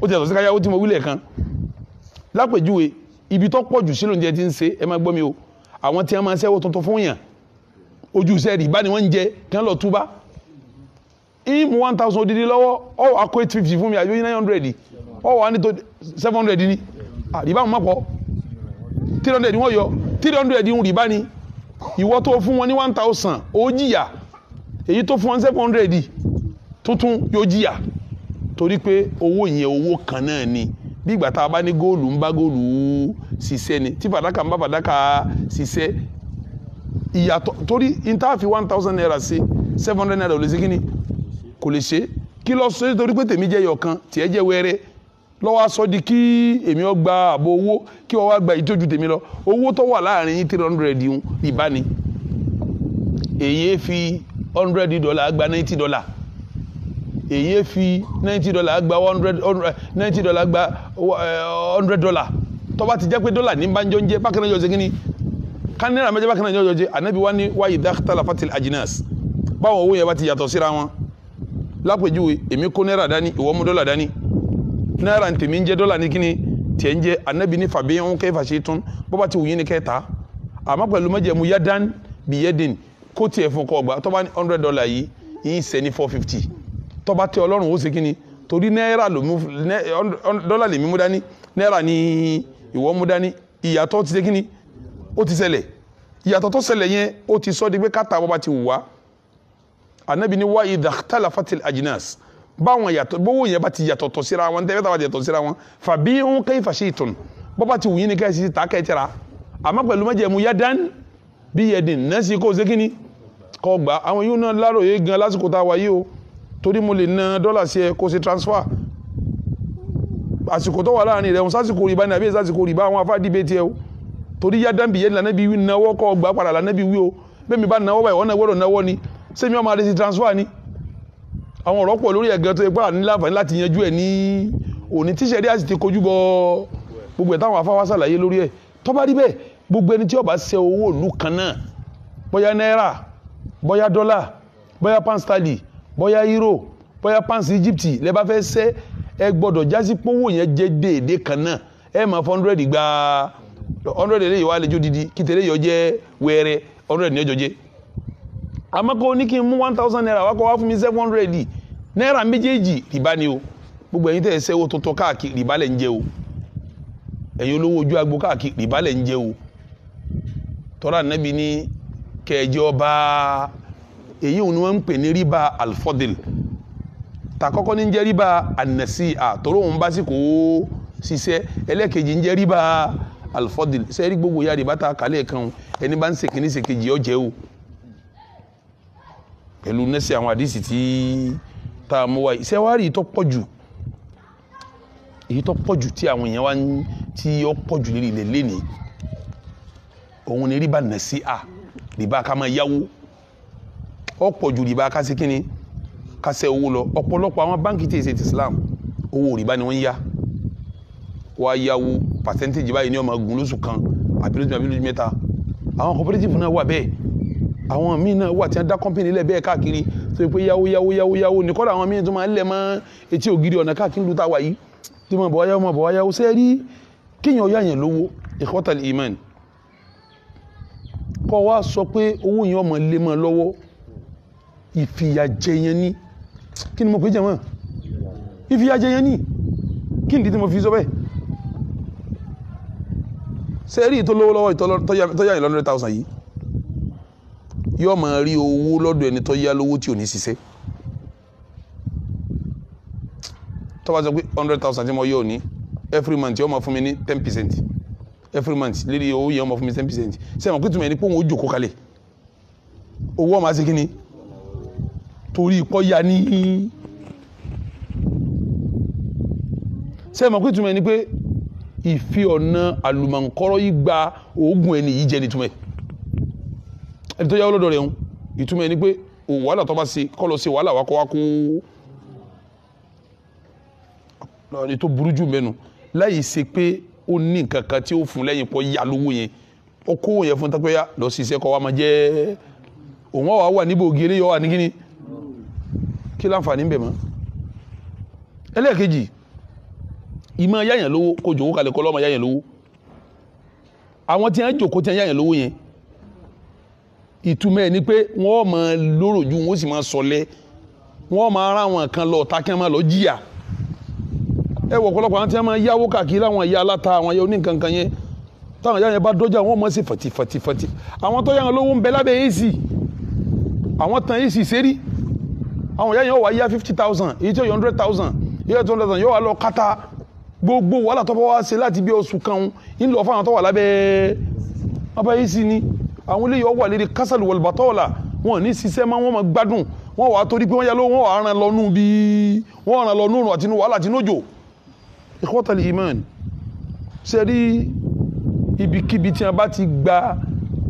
ó ti yàtọ̀ sí káyáwó tí mo wílẹ̀ kan lápèjúwe ibi tó pọ̀ jù sí lóúnjẹ ti ń ṣe ẹ má gbọ́ mi o àwọn tí wọ́n máa ń ṣẹ́wó tuntun fún one thousand odidi lọ́wọ́ ọ̀ akọ eight fifty fún mi àbí nine ọ wà ní tó seven hundred ní àríbá wọn mọ̀pọ̀ three hundred wọn yọ three hundred ń rìbá ni ìwọ tó fún wọn ní one thousand ó jìyà èyí tó fún wọn seven hundred tuntun yóò jìyà torí pé owó yẹn owó kan náà ni bí ìgbà tá a bá ní góòlù ń bá góòlù ṣiṣẹ́ ni tí fàdákà ń bá fàdákà ṣiṣẹ́ ìyàtọ̀ torí intafi one thousand naira ṣe seven hundred naira ò lè ṣe kí ni kò lè ṣe kí lọ sọ torí pé tèmi jẹ́ yọ̀kan tiẹ̀ jẹ́ wẹ́rẹ́ lọ́wọ́ aṣọ di kí èmi ọ gba àbọ̀ owó kí wọ́n wá gba ìtọ́jú tèmi lọ owó tó wà láàrin yín three hundred yìí ìbá ni èyí fi hundred dollar gba ninety dollar èyí fi ninety dollar gba hundred ninety dollar gba eh, hundred dollar tó ti jẹ́ pé dọ́là ní banjọ́ ń jẹ́ bákan náà yọ̀ ṣe kí ni ká náírà méjì bákan náà yọ̀ ṣe ànábi wá ní wáyé dákítàlá fatil ajinas báwọn owó yẹn bá ti yàtọ̀ síra wọn lápèjúwe èmi kó náírà dání ìwọ mú dọ́là dání náírà ní tèmi ń jẹ́ dọ́là ní kíni tiẹ̀ ń jẹ́ anabi ní fàbí ń kẹ́ fàṣẹ tún bọ́bá ti wù yín ni kẹ́ ta àmọ́ pẹ̀lú mẹ́jẹ̀ mu yadan bi yedin kó tiẹ̀ fún kọ́ ọgbà tọ́ba hundred dollar yìí yìí sẹ́ ní four fifty tọ́ba tẹ ọlọ́run ó ṣe kíni torí náírà ló mú dọ́là lèmi mú dání náírà ní ìwọ mú dání ìyàtọ̀ ti ṣe kíni ó ti ṣẹlẹ̀ ìyàtọ̀ tó ṣẹlẹ̀ yẹn ó ti sọ́ di pé káta bọ́ba ti wù wá anabi ni wá idha ikhtalafat al báwọn yàtọ̀ bówó yẹn bá ti yàtọ̀ tọ̀ síra wọn tẹ́lẹ̀ tàbá ti yàtọ̀ síra wọn fàbí ń kẹ́ ìfàṣẹ ìtùn bó bá ti wù yín ni kẹ́sì ta kẹ́tìra àmọ́ pẹ̀lú májẹ̀mú yadan bí yẹ̀dìn nẹ́sì kó sékìní kọ́ gbà àwọn yóò náà láròyé gan lásìkò tá a wáyé o torí mo lè ná dọ́là sí ẹ kó ṣe transfer àsìkò tó wà láàrin rẹ̀ sásìkò rìbá ní àbí sásìkò rìbá àwọn afá dìbè tiẹ̀ o torí yadan bí yẹ̀dìn lànàbí wí náwó kọ́ gbà padà o bẹ́ẹ̀ mi bá náwó báyìí ọ̀nà gbọ́dọ̀ náwó ni sẹ́mi ọmọ adé àwọn ọ̀rọ̀ pọ̀ lórí ẹ̀gẹ́ tó yẹ pé àní láǹfààní láti yanjú ẹ̀ ní òní tíṣẹ̀rí àti ti kojú bọ gbogbo ẹ̀ táwọn afáwá ṣàlàyé lórí ẹ̀ tó bá rí bẹ́ẹ̀ gbogbo ẹni tí ó ṣe owó ìlú kan náà bóyá náírà bóyá dọ́là bóyá pánstálì bóyá euro bóyá pánsì Egypt lẹ bá fẹ́ ṣe ẹ gbọ́dọ̀ jásí pówó yẹn jẹ́ déédéé kan náà ẹ máa fọ hundred gba hundred eléyìí wà lẹ́jọ́ didi kí yọ jẹ́ wẹ́rẹ́ hundred ní ọjọ́ jẹ́ àmọ́ kó ní kí n mú one thousand naira wá kó wá fún mi seven hundred náírà méjèèjì rìbá ni o gbogbo ẹ̀yin tẹ́ ẹ ṣẹ́wó tuntun káàkiri rìbá lẹ̀ ń jẹ o ẹ̀yin olówó ojú agbo káàkiri rìbá lẹ̀ ń jẹ o tọ́ra nẹ́bi ní kẹjẹ ọba èyí òun ni wọ́n ń pè ní rìbá alfọ́dìl ta kọ́kọ́ ní ń jẹ́ rìbá ànẹ́sì àtọ́rọ́ òun bá sì kó ṣiṣẹ́ ẹlẹ́kejì ń jẹ́ rìbá alfọ́dìl sẹ́ẹ̀rí gbogbo ya rìbá kálẹ̀ kan ẹni bá ń ṣèkíní ṣèkejì ọ̀jẹ̀ o pẹ̀lú nẹ́sì àwọn àdìsí tí tá a mú wáyé iṣẹ́ wa rí ìtọ́ pọ̀ jù èyí tó pọ̀ jù tí àwọn èèyàn wá ń tí ó pọ̀ jù lérí ilẹ̀ léni òun ni rìbá nà à rìbá ká máa yáwó ó pọ̀ jù rìbá ká sí kínni ká sẹ́ owó lọ ọ̀pọ̀lọpọ̀ àwọn báńkì tí èsì ti Islam owó rìbá ni wọ́n ń yá wọ́n á yáwó percentage báyìí ní ó máa gùn lóṣù kan àbí lóṣù mẹ́ta àwọn cooperative náà wà bẹ́ẹ̀ àwọn míì náà wà tí wọ́n dá kọ́mpìnì lẹ̀ bẹ́ẹ̀ káàkiri tó yẹ pé yáwó yáwó yáwó yáwó ní kọ́dà àwọn míì tó máa ń lẹ̀ mọ́ etí ògiri ọ̀nà káàkiri ló ta wà yìí tí mo bọ̀ wáyáwó mo bọ̀ wáyáwó sẹ́ẹ̀ rí kéèyàn yá yẹn lówó ìkọ́tàlì iman kọ́ wa sọ pé owó yẹn ọmọ lé mọ́ lọ́wọ́ ìfìyàjẹ yẹn ni kí ni mo pè jẹ́ mọ́ ìfìyàjẹ yẹn ni kí ni tí mo fi sọ bẹ́ẹ̀ sẹ́ẹ̀rì yóò máa rí owó lọ́dọ̀ ẹni tó yá lówó tí ò ní ṣiṣẹ́ tó bá sọ pé hundred thousand tí mo yọ òní every month yóò máa fún mi ní ten percent every month lédi owó yẹn máa fún mi ten percent ṣé àwọn kìtùmọ̀ ẹni pé òun ò jòkó kalẹ̀ owó ọmọ àti kínní torí ipò ya ní ṣé àwọn kìtùmọ̀ ẹni pé ìfi ọ̀nà àlùmọ̀ǹkọ́rọ́ yìí gba oògùn ẹni yìí jẹ́ nítumẹ̀ ẹni tó yá olódò rẹ̀ ń ìtumọ̀ ẹni pé òun wàhálà tó bá ṣe kọ́ lọ ṣe wàhálà wa kọ́ wa kó ẹni tó burú jù mẹ́nu láyìí ṣe pé ó ní nǹkan kan tí ó fún lẹ́yìn pọ̀ yá lówó yẹn ó kó yẹn fún tápẹ́yà lọ ṣiṣẹ́ kọ́ wa máa jẹ́ òun wà wà níbo ògì eléyọ̀ wà ní kíni kí láǹfààní ń bẹ̀ mọ́ ẹlẹ́ẹ̀kejì ìmọ̀ yáyàn lówó kó jòkó kalẹ̀ kọ́ lọ́mọ yáyàn lówó àwọn tí wọ́n jòkó tí wọ́n yáyàn lówó yẹn ìtumọ̀ ẹ̀ ni pé wọ́n máa lóró ju wọ́n sì máa sọlẹ̀ wọ́n máa rán àwọn kan lọ ọ̀tá kí wọ́n máa lọ jìyà ẹ wọ̀ ọ̀pọ̀lọpọ̀ àwọn tí wọ́n máa yáwó káàkiri láwọn ẹ̀yà aláta àwọn ẹ̀yà oníkankan yẹn táwọn ẹ̀yà yẹn bá dọ́jà wọ́n máa ṣe fàtì fàtì fàtì àwọn tó yà wọn lówó ń bẹ lábẹ́ èsì àwọn tan èsì sẹ́rí àwọn ẹ̀yà yẹn wà yá fifty thousand èyí tí yọ hundred thousand yọ two thousand yọ wà lọ kátà gbogbo wàhálà tó bá wá ṣe láti bí oṣù kan ń lọ fáwọn àwọn eléyìí ọwọ́ àlèrè kásálù wọlbàtọ́ọ̀là wọn ní ṣiṣẹ́ máa wọn máa gbádùn wọn wàá torí pé wọn yá lọ wọn wàá ràn lọ́nù bíi wọn ràn lọ́nù ọ̀run àtinú wàhálà àtinú òjò ìkọ́tàlì iman ṣe rí ibikíbi tí wọn bá ti gba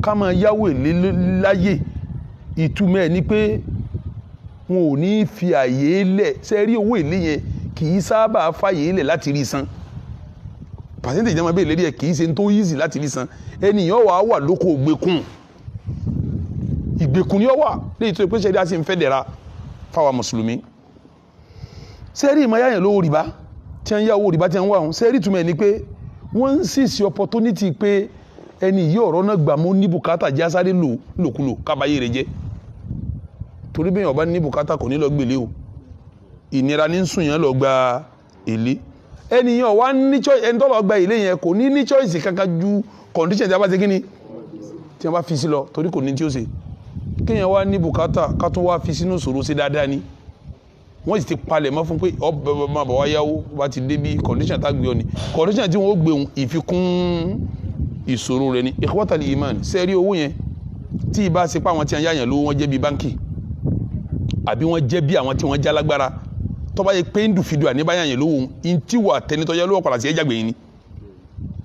ká máa yáwó èlé láyè ìtumọ̀ ẹ̀ ni pé wọn ò ní fi àyè lẹ̀ ṣe rí owó èlé yẹn kì í sábà fàyè lẹ̀ láti rí san percentage náà máa bèèrè lérí ẹ̀ kì í ṣe tó easy láti rí san ènìyàn wà á wà lóko ògbékùn ìgbèkùn ni ó wà léyìí tó ṣe pé ṣẹ́rí àti ìfẹ́dẹ̀ra fáwa mùsùlùmí sẹ́rí ìmọ̀yáyàn lówó rìbá tí wọ́n ń yá owó rìbá tí wọ́n ń wà ọ̀hún sẹ́rí ìtumọ̀ ẹ̀ ni pé wọ́n ń sìsì opportunity pé ẹni yìí ọ̀rọ̀ náà gbà mọ́ ní bùkátà jẹ́ lòkulò kábàáyé ènìyàn wa ní choice ẹni tó lọ gba ilé yẹn kò ní ní choice kankan ju condition tí a bá ṣe kíni tí a bá fi sí lọ torí kò ní tí ó ṣe kéèyàn wá ní bùkátà ká tún wá fi sínú ṣòro ṣe dáadáa ni wọ́n sì ti palẹ̀ mọ́ fún pé ọbẹ̀ ọmọ àbọ̀ wá yáwó bá ti débi condition tá a gbé ọ ni condition tí wọ́n gbé òun ìfikún ìṣòro rẹ ni ìkọ́tàlì iman sẹ́ẹ̀rí owó yẹn tí ì bá ṣe pé àwọn tí wọ́n yáyàn lówó wọ́n jẹ́ bí báńkì àbí wọ́n jẹ́ bí àwọn tí wọ́n já lágbára tọ́ba yẹ pé ndùfidù àníbáyà yẹn lówó ntí wà tẹnitọ́jà lówó padà sí ẹ̀já gbẹ̀yìn ni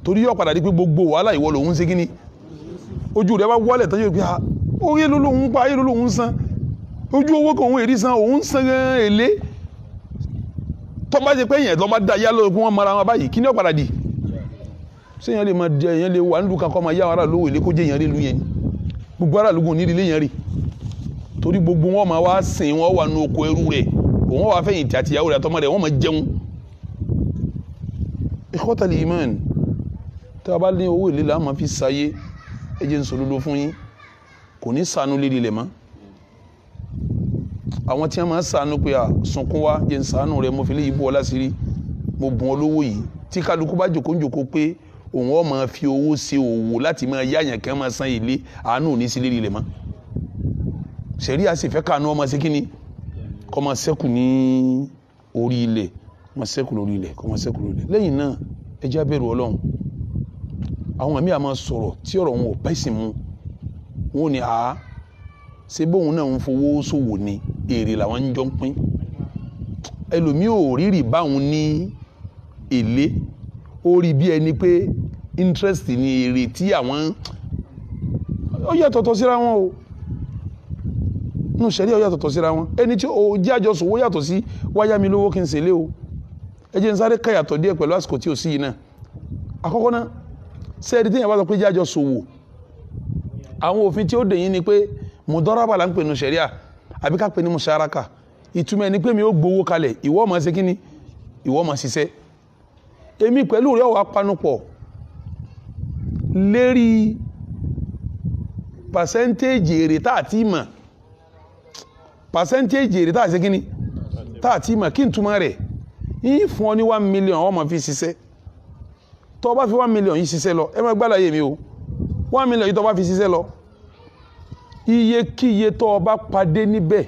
torí yọ padà di pé gbogbo wàhálà ìwọ lòun ṣe kíni ojú rẹ bá wọlé tọ́jú rẹ pé ha ah, orí èlò lòun pa ayé èlò lòun san ojú owó kan òun èrí san òun san èlé tọ́ba yẹ pé yẹn lọ́ba da yálò pé wọ́n mara wọn báyìí ni ó padà di ṣé yẹn lè máa di yẹn lè wà ń lu kankan máa yá ara lówó èlé kó jẹ́ yẹn lè lu yẹn gbogbo ara lóògùn nídìí lé yẹn rè torí gbogbo wọn máa wá sìn wọn wà nù oko ẹrú rẹ̀ òun wà fẹ̀yìntì àti ìyàwó rẹ̀ àtọmọ rẹ̀ wọ́n máa jẹun ìkọ́tàlì imán tá a bá ní owó ìlera máa fi ṣayé ẹ jẹ́ ń sòdodo fún yín kò ní sànú lérí ilẹ̀ mọ́ àwọn tí wọ́n máa ń pé à sunkún wá jẹ́ ń sànú rẹ̀ mo fi lè yíbo ọlá sírí mo bùn ọ lówó yìí tí kálukú bá jòkó jòkó pé òun ọ̀ máa fi owó ṣe òwò láti máa yáyàn kẹ́ máa san ilé àánú ò ní sí lérí ilẹ̀ mọ́ sẹ̀rí àsìfẹ́ kànú ọmọ sí kínni kọ́ máa ṣẹ́kù ní orí ilẹ̀ kọ́ máa ṣẹ́kù lórí ilẹ̀ kọ́ máa ṣẹ́kù lórí ilẹ̀ lẹ́yìn náà ẹ jẹ́ abẹ́rù àwọn àmì àmà sọ̀rọ̀ tí ọ̀rọ̀ wọn ò bẹ́sìn mu wọn ò ní a ṣe bóun náà ń fowó ṣòwò ni èrè làwọn ń jọ ń pín ẹlòmíì ò rírì báwọn ní èlé ó rí bí ẹni pé interest ni èrè tí àwọn ó yẹ tọ̀tọ̀ síra wọn o nù sẹ́rí ọ̀ yàtọ̀ síra wọn ẹni tí o jẹ́ àjọsùn owó yàtọ̀ sí wáyà mi lówó kí n sèlé o ẹ jẹ́ n sáré ká yàtọ̀ díẹ̀ pẹ̀lú àsìkò tí o sí yìí náà àkọ́kọ́ náà sẹ́ẹ̀dì téèyàn bá sọ pé jẹ́ àjọsùn owó àwọn òfin tí ó dè ni pé mùdọ́rọ́bà là ń pè nù sẹ́rí àbí ká pè ní mùsàràkà ìtumọ̀ ẹni pé mi ó gbowó kalẹ̀ ìwọ máa ṣe kíni ìwọ máa ṣiṣẹ́ èmi pẹ̀lú rẹ̀ wà panupọ̀ lérí pàṣẹ́ntéèjì èrè tá àti mọ̀ percentage èrè tá a ṣe kí ni tá a ti mọ̀ kí n túmọ̀ rẹ̀ yín fún ọ ní one million ọmọ fi ṣiṣẹ́ tọ́ bá fi one million yìí ṣiṣẹ́ lọ ẹ má gbá láyé mi o one million yìí tọ́ bá fi ṣiṣẹ́ lọ iye kí iye tọ́ ọ bá padé níbẹ̀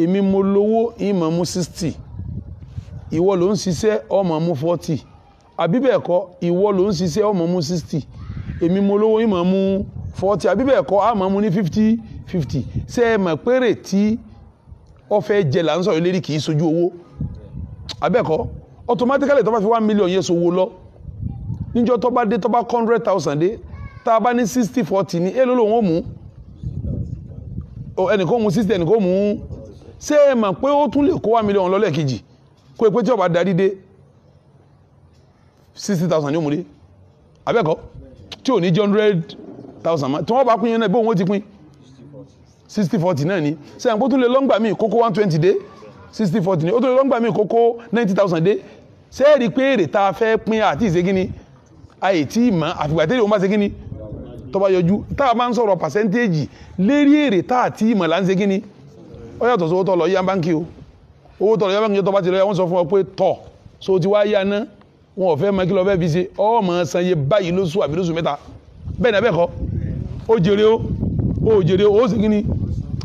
èmi mo lówó ìmọ̀ mú sixty ìwọ ló ń ṣiṣẹ́ ọmọ mú forty àbí bẹ́ẹ̀ kọ́ ìwọ ló ń ṣiṣẹ́ ọmọ mú sixty èmi mo lówó ìmọ̀ mú forty àbí bẹ́ẹ̀ kọ́ àmọ́ mú ní fifty fifty ṣé ẹ mọ̀ péré tí ó fẹ́ jẹ là ń lérí kì í sojú owó abẹ́kọ̀ automatically tó bá fi one million yẹn sowó lọ níjọ́ tó bá dé tó hundred thousand dé tá a bá ní sixty forty ní èló lòun ó mú ẹnìkan ó mú sixty ẹnìkan ó mú ṣé ẹ mọ̀ pé ó tún lè kó one million lọ́lẹ̀ kejì kó o pé tí ó darí dé sixty thousand ní òmùdé abẹ́kọ̀ tí ò ní jẹ́ hundred thousand tí wọ́n bá pín yẹn náà bí òun ó ti pín sixty forty náà ni sẹ́yìn kó tún lè lọ́ngbà míì kókó one twenty dé sixty forty ni ó tún lè lọ́ngbà míì kókó ninety thousand dé sẹ́ẹ̀rì pé èrè tá a fẹ́ pín àti ìṣègínní àyè tí ì mọ́ àfìgbà tẹ́lẹ̀ òun bá ṣègínní tó bá yọjú tá a máa ń sọ̀rọ̀ pàṣẹ́ntéèjì lérí èrè tá a ti ì mọ̀ là ń ṣègínní ó yàtọ̀ sówó tọ̀ lọ yá báńkì o owó tọ̀ lọ yá báńkì tó bá ti lọ yá wọ́n sọ fún ọ pé tọ̀ so ti wá yá ná wọn ò fẹ́ mọ kí lọ fẹ́ fi ṣe ọmọ sanye báyìí lóṣù àbí lóṣù mẹ́ta bẹ́ẹ̀ ni abẹ́kọ̀ ó jèrè o o jèrè o sì kíni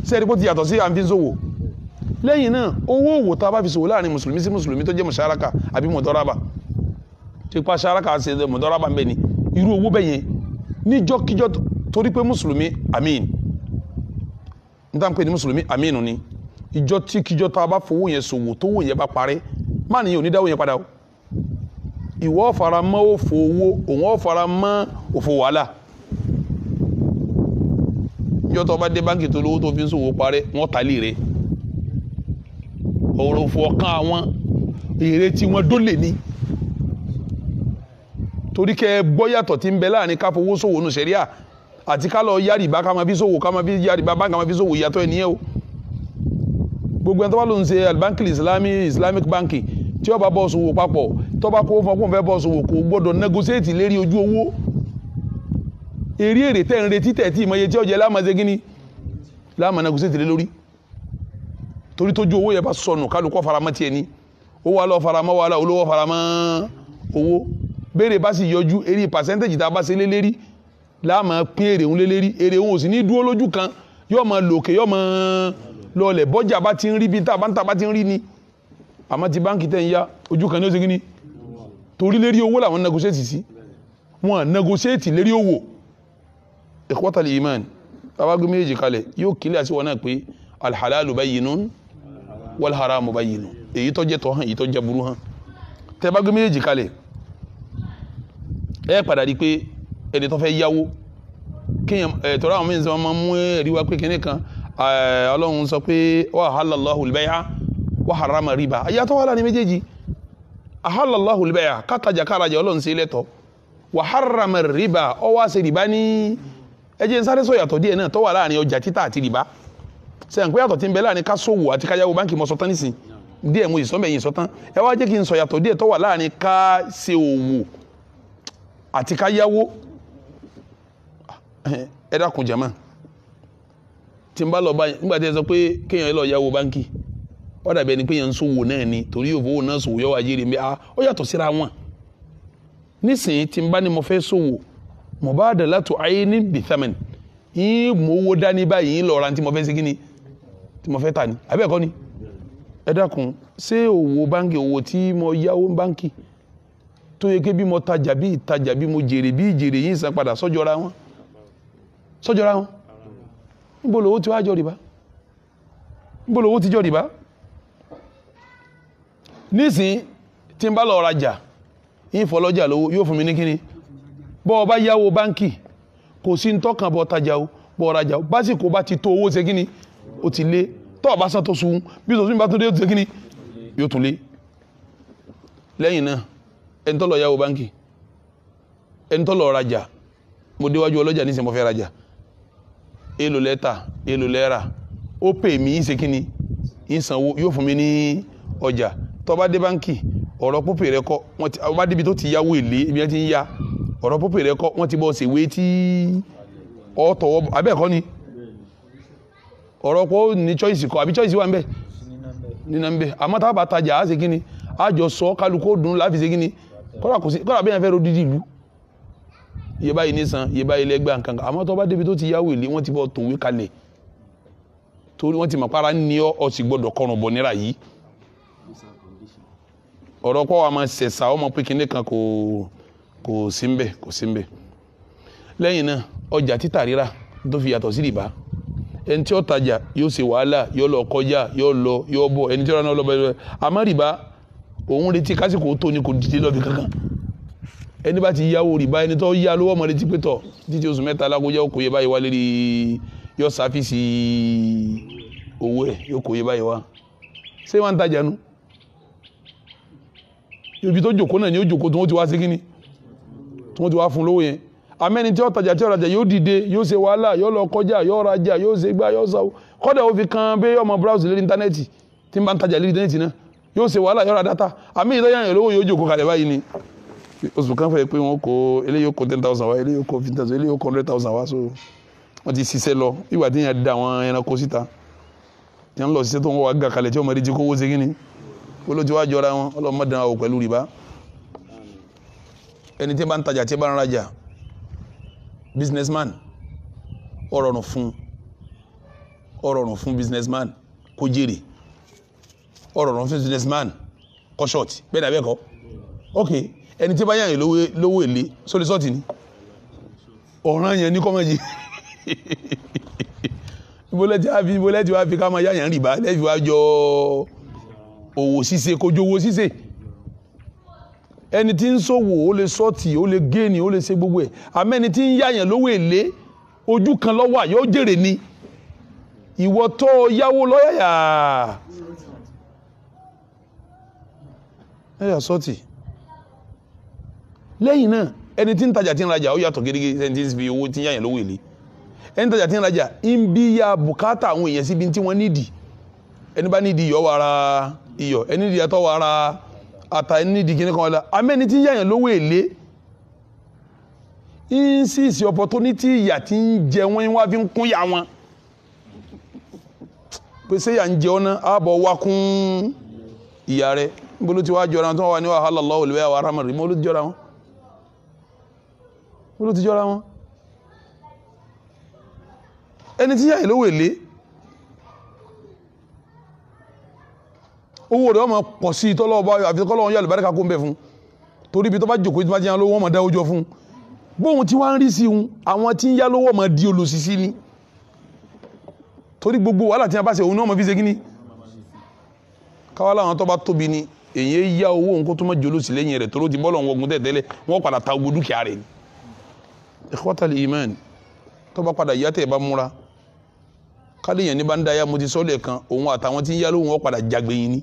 sẹ́ẹ̀rí bó ti yàtọ̀ sí àǹfin ṣòwò lẹ́yìn náà owó òwò tá a bá fi ṣòwò láàrin mùsùlùmí sí mùsùlùmí tó jẹ́ mùsàràkà àbí mùdọ́ràbà tí pa ṣe mùdọ́ràbà ń bẹ̀ ni irú owó bẹ́yẹn níjọ́kíjọ́ torí pé mùsùlùmí àmín n tá n pè ní mùsùlùmí àmín ni ìjọ tí kíjọ tá a bá fowó yẹn ṣòwò tó wò yẹn bá parí má nìyẹn ò ní dáwó yẹn padà o ìwọ fara mọ́ òfò owó òun ò fara mọ́ òfò wàhálà níjọ́ tó bá dé báńkì tó lówó tó fi ń ṣòwò parẹ́ wọ́n ta lè rẹ̀ ọ̀rọ̀ òfò ọ̀kan àwọn èrè tí wọ́n dólè ní torí kẹ́ ẹ gbọ́ yàtọ̀ tí ń bẹ láàrin ká fowó ṣòwò nù sẹ́ríà àti ká lọ yárìbá ká máa fi ṣòwò ká máa fi yárìbá báńkì ká máa fi ṣòwò ìyàtọ̀ ẹ̀ nìyẹn o gbogbo ẹni tó bá ló ń ṣe albankil islami islamic banking tí ó bá bọ́ ṣòwò papọ̀ tó bá kó fún ọkùnrin fẹ́ bọ́ ṣòwò kò gbọ́dọ̀ negotiate lérí ojú owó eré èrè tẹ́ ń retí tẹ̀ tí ìmọ̀ye tí ọ̀jẹ̀ lámàṣe gíní lámàna kò sètìlẹ́ lórí torí tójú owó yẹn bá sọnù kálukọ́ faramọ́ tiẹ̀ ni ó wà lọ faramọ́ wàhálà olówó faramọ́ owó béèrè bá sì yọjú eré pàṣẹ́ntéèjì tá a bá ṣe lé lérí láàmà pín èrè òun lé lérí èrè òun ò sì ní dúró lójú kan yóò máa lòkè yóò máa lọlẹ̀ bọ́jà bá ti ń rí bí tá a bá ń ta ti ń rí ni àmọ́ ti báńkì tẹ̀ ń yá ojú kan ní ó ṣe ni torí lérí owó làwọn negotiate sí wọn negotiate lérí owó ikhwatal iman babagun méjì kalẹ̀ yóò kílẹ̀ àti wọn náà pé alhalalu bayyinun wal haramu bayyinun èyí tó jẹ́ tọ́ hàn èyí tó jẹ́ burú hàn tẹ́ babagun méjì kalẹ̀ ẹ padà di pé ẹni tó fẹ́ yáwó kéèyàn ẹ tọ́ra àwọn mẹ́rin sọ ma mú ẹ̀rí wa pé kíní kan ọlọ́run sọ pé wa halallahu al-bay'a wa harrama riba ayatollah wà láàrin méjèèjì ahalallahu al-bay'a kátàjà kárajà ọlọ́run sí ilẹ̀ tọ́ wa harrama riba ọwọ́ àṣẹ rìbá ní ẹ jẹ́ n sáré sọ yàtọ̀ díẹ̀ náà tó wà láàrin ọjà títà àti rìbá sẹ́yìn pé yàtọ̀ ti ń bẹ láàrin káṣòwò àti káyáwó báńkì mọ́ sọtán nísìn díẹ̀ mo sì sọ mẹ́yìn sọtán ẹ wá jẹ́ kí n sọ yàtọ̀ díẹ̀ tó wà láàrin káṣe òwò àti káyáwó ẹ dákun jàmá tí n bá lọ báyìí nígbà tí ẹ sọ pé kéèyàn lọ yáwó báńkì ó dàbí ẹni pé ń sòwò náà ni torí òfowó náà sòwò yọ wájú rè mí ó yàtọ̀ mubadalatu aynin bithaman yín mowó dání báyìí yín lọ́ọ́ ra tí mo fẹ́ ṣe kí ni tí mo fẹ́ tà ní àbẹ́ ẹ̀kọ́ ni ẹ dákun ṣé òwò báńkì òwò tí mo yáwó báńkì tó yẹ kí bí mo tajà bí ìtajà bí mo jèrè bí ìjèrè yín san padà sọ́jọ́ra wọn sọ́jọ́ra wọn níbo lówó ti wá jọ rìbá níbo lówó ti jọ rìbá nísìnyí tí n bá lọ rajà yín fọlọ́jà lówó yóò fún mi ní kíni bọ́ ọ bá yáwó báńkì kò sí ntọ́kàn bọ́ tajà o bọ́ ọ rajà o básìkò bá ti tó owó ṣe kí ni o ti lé tọ́ ọ bá sàn tó sun bí sọ́sùn bá tó dé o ti ṣe kí ni yóò tún lé lẹ́yìn náà ẹni tó lọ yáwó báńkì ẹni tó lọ rajà mo déwájú ọlọ́jà ní sẹ́mo fẹ́ rajà èlò lẹ́tà èlò lẹ́ra ó pè mí ṣe kí ni ìsanwó yóò fún mi ní ọjà tó bá dé báńkì ọ̀rọ̀ pópè rẹ kọ́ wọ́n ti àwọn bá débi tó ti yáwó èlé ibi wọn ti ń ya ọ̀rọ̀ pópè rẹ kọ́ wọ́n ti bọ́ ṣèwé tí ọ tọwọ́ abẹ́ ẹ̀kọ́ ni ọ̀rọ̀ pọ̀ ní choice kọ́ àbí choice wà ń bẹ̀ nínú ń bẹ̀ àmọ́ tá a bá tajà á ṣe kí ni á jọ sọ kálukó dùn láfi ṣe kí ni kọ́ra kò sí kọ́ra bẹ́ẹ̀ fẹ́ ro dídì ìlú iye báyìí nísan iye báyìí lẹ́gbàá nǹkan kan àmọ́ tó bá débi tó ti yáwó èlé wọ́n ti bọ́ tòwé kalẹ̀ torí wọ́n ti mọ̀ para ní ọ ọ sì gbọ́dọ̀ kọrùn bọ̀ níra yìí ọ̀rọ̀ pọ̀ wa máa ṣẹ̀ṣà ọmọ pé kinní kan kò kò sí ń bẹ̀ kò sí ń bẹ̀ lẹ́yìn náà ọjà títà rírà tó fi yàtọ̀ sí rìbá ẹni tí ó tajà yóò ṣe wàhálà yóò lọ kọjá yóò lọ yóò bọ̀ ẹni tí ó rà náà lọ bẹ̀rẹ̀ àmọ́ rìbá òun retí kásìkò tó ni kò dìde lọ́bi kankan ẹni bá ti yáwó rìbá ẹni tó yá lówó ọmọ retí pé títí oṣù mẹ́ta alágójá ó kò yẹ báyìí wá lérí yọ sáfíìsì owó ẹ̀ yóò kò yẹ báyìí wá ṣé wọ́n ń tajà nu ibi tó jòkó náà ni ó jòkó tó wọ́n ti wá sí kínní wọ́n ti wá fún lówó yẹn amẹ́ni tí ó tajà tí ó rajà yóò dìde yóò ṣe wàhálà yóò lọ kọjá yóò rajà yóò ṣe gbá yóò sáwó kọ́dà ó kan bí ọmọ browse lórí íńtánẹ́ẹ̀tì tí n bá ń tajà lórí íńtánẹ́ẹ̀tì náà yóò ṣe wàhálà yóò ra dátà àmì ìdáyà yẹn lówó yóò jókòó kalẹ̀ báyìí ni oṣù kan fẹ́ pé wọ́n kó eléyìí ó kó ten thousand wá eléyìí ó kó fifteen thousand eléyìí ó kó hundred thousand wá so wọ́n ti ṣiṣẹ́ lọ ìgbà tí yẹn da àwọn ẹranko síta yẹn ń lọ ṣiṣẹ́ tó ń wá gàkalẹ̀ tí ọmọdé ti kówó ẹni tí bá ń tajà tí bá ń rajà businessman ó rọrùn fún ó rọrùn fún businessman kó jèrè ó rọrùn fún businessman kó short bẹ́ẹ̀ dàbẹ́ kọ́ ok ẹni tí bá yàn yín lówó èlé sórí sọ́ọ̀tì ni ọ̀ràn yẹn ní kọ́mọ̀jì ìbólẹ́tì wá fi ìbólẹ́tì wá fi ká máa yáyàn rìbá lẹ́yìn wá jọ òwò ṣíṣe kójú owó ṣíṣe ẹni tí ń ṣòwò ó lè sọ́ọ̀tì ó lè géènì ó lè ṣe gbogbo ẹ̀ àmọ́ ẹni tí ń yáyàn lówó èlé ojú kan lọ́wọ́ àyọ́ jèrè ni ìwọ tó yáwó lọ́yà ẹ̀yà sọ́ọ̀tì lẹ́yìn náà ẹni tí ń tajà tí ń rajà ó yàtọ̀ gidigidi ẹni tí ń fi owó tí ń yáyàn lówó èlé ẹni tajà tí ń rajà ń bí ya bùkátà àwọn èèyàn síbi tí wọ́n nídìí ẹni bá nídìí iyọ̀ wàrà iyọ̀ ẹni nídìí àtàníìdì kìíní kan ọ̀la amẹ́ni tí ń yàyàn lówó èlé insisi opportunity ìyà tí ń jẹ wọ́n wá fi ń kún yà wọn pèsè yà ń jẹ ọ́nà ààbọ̀ wá kún ìyà rẹ̀ níbo ló ti jọra wọn tí wọ́n wà ní wàhálà lọ́wọ́ olùwẹ́ àwọn aráàmọ̀ rẹ̀ mọ́ ti jọra wọn mọ́ ti jọra wọn ẹni tí yàyàn lówó èlé owó rẹ̀ ọmọ pọ̀ sí i tọ́lọ́wọ́ bá àfi kọ́lọ́wọ́ yọ àlùbáríkà kó ń bẹ̀ fún torí ibi tó bá jòkó tó bá jẹun lówó wọn dá ojọ fún bóun tí wàá ń rí sí un àwọn tí ń yá lówó ọmọ di olùsísí ni torí gbogbo wàhálà tí wọn bá ṣe òun náà ọmọ fi ṣe kíní káwá làwọn tó bá tóbi ni èyí yá owó nǹkó tó má jòló sí lẹ́yìn rẹ̀ tó ló ti bọ́ lọ́wọ́ ogun tẹ̀tẹ́lẹ̀ wọ́n padà ta gbogbo dúkìá ní bá ń da ya mo ti sọ́ọ̀lẹ̀ kan òun àtàwọn tí ń yá wọn padà jagbe yín ni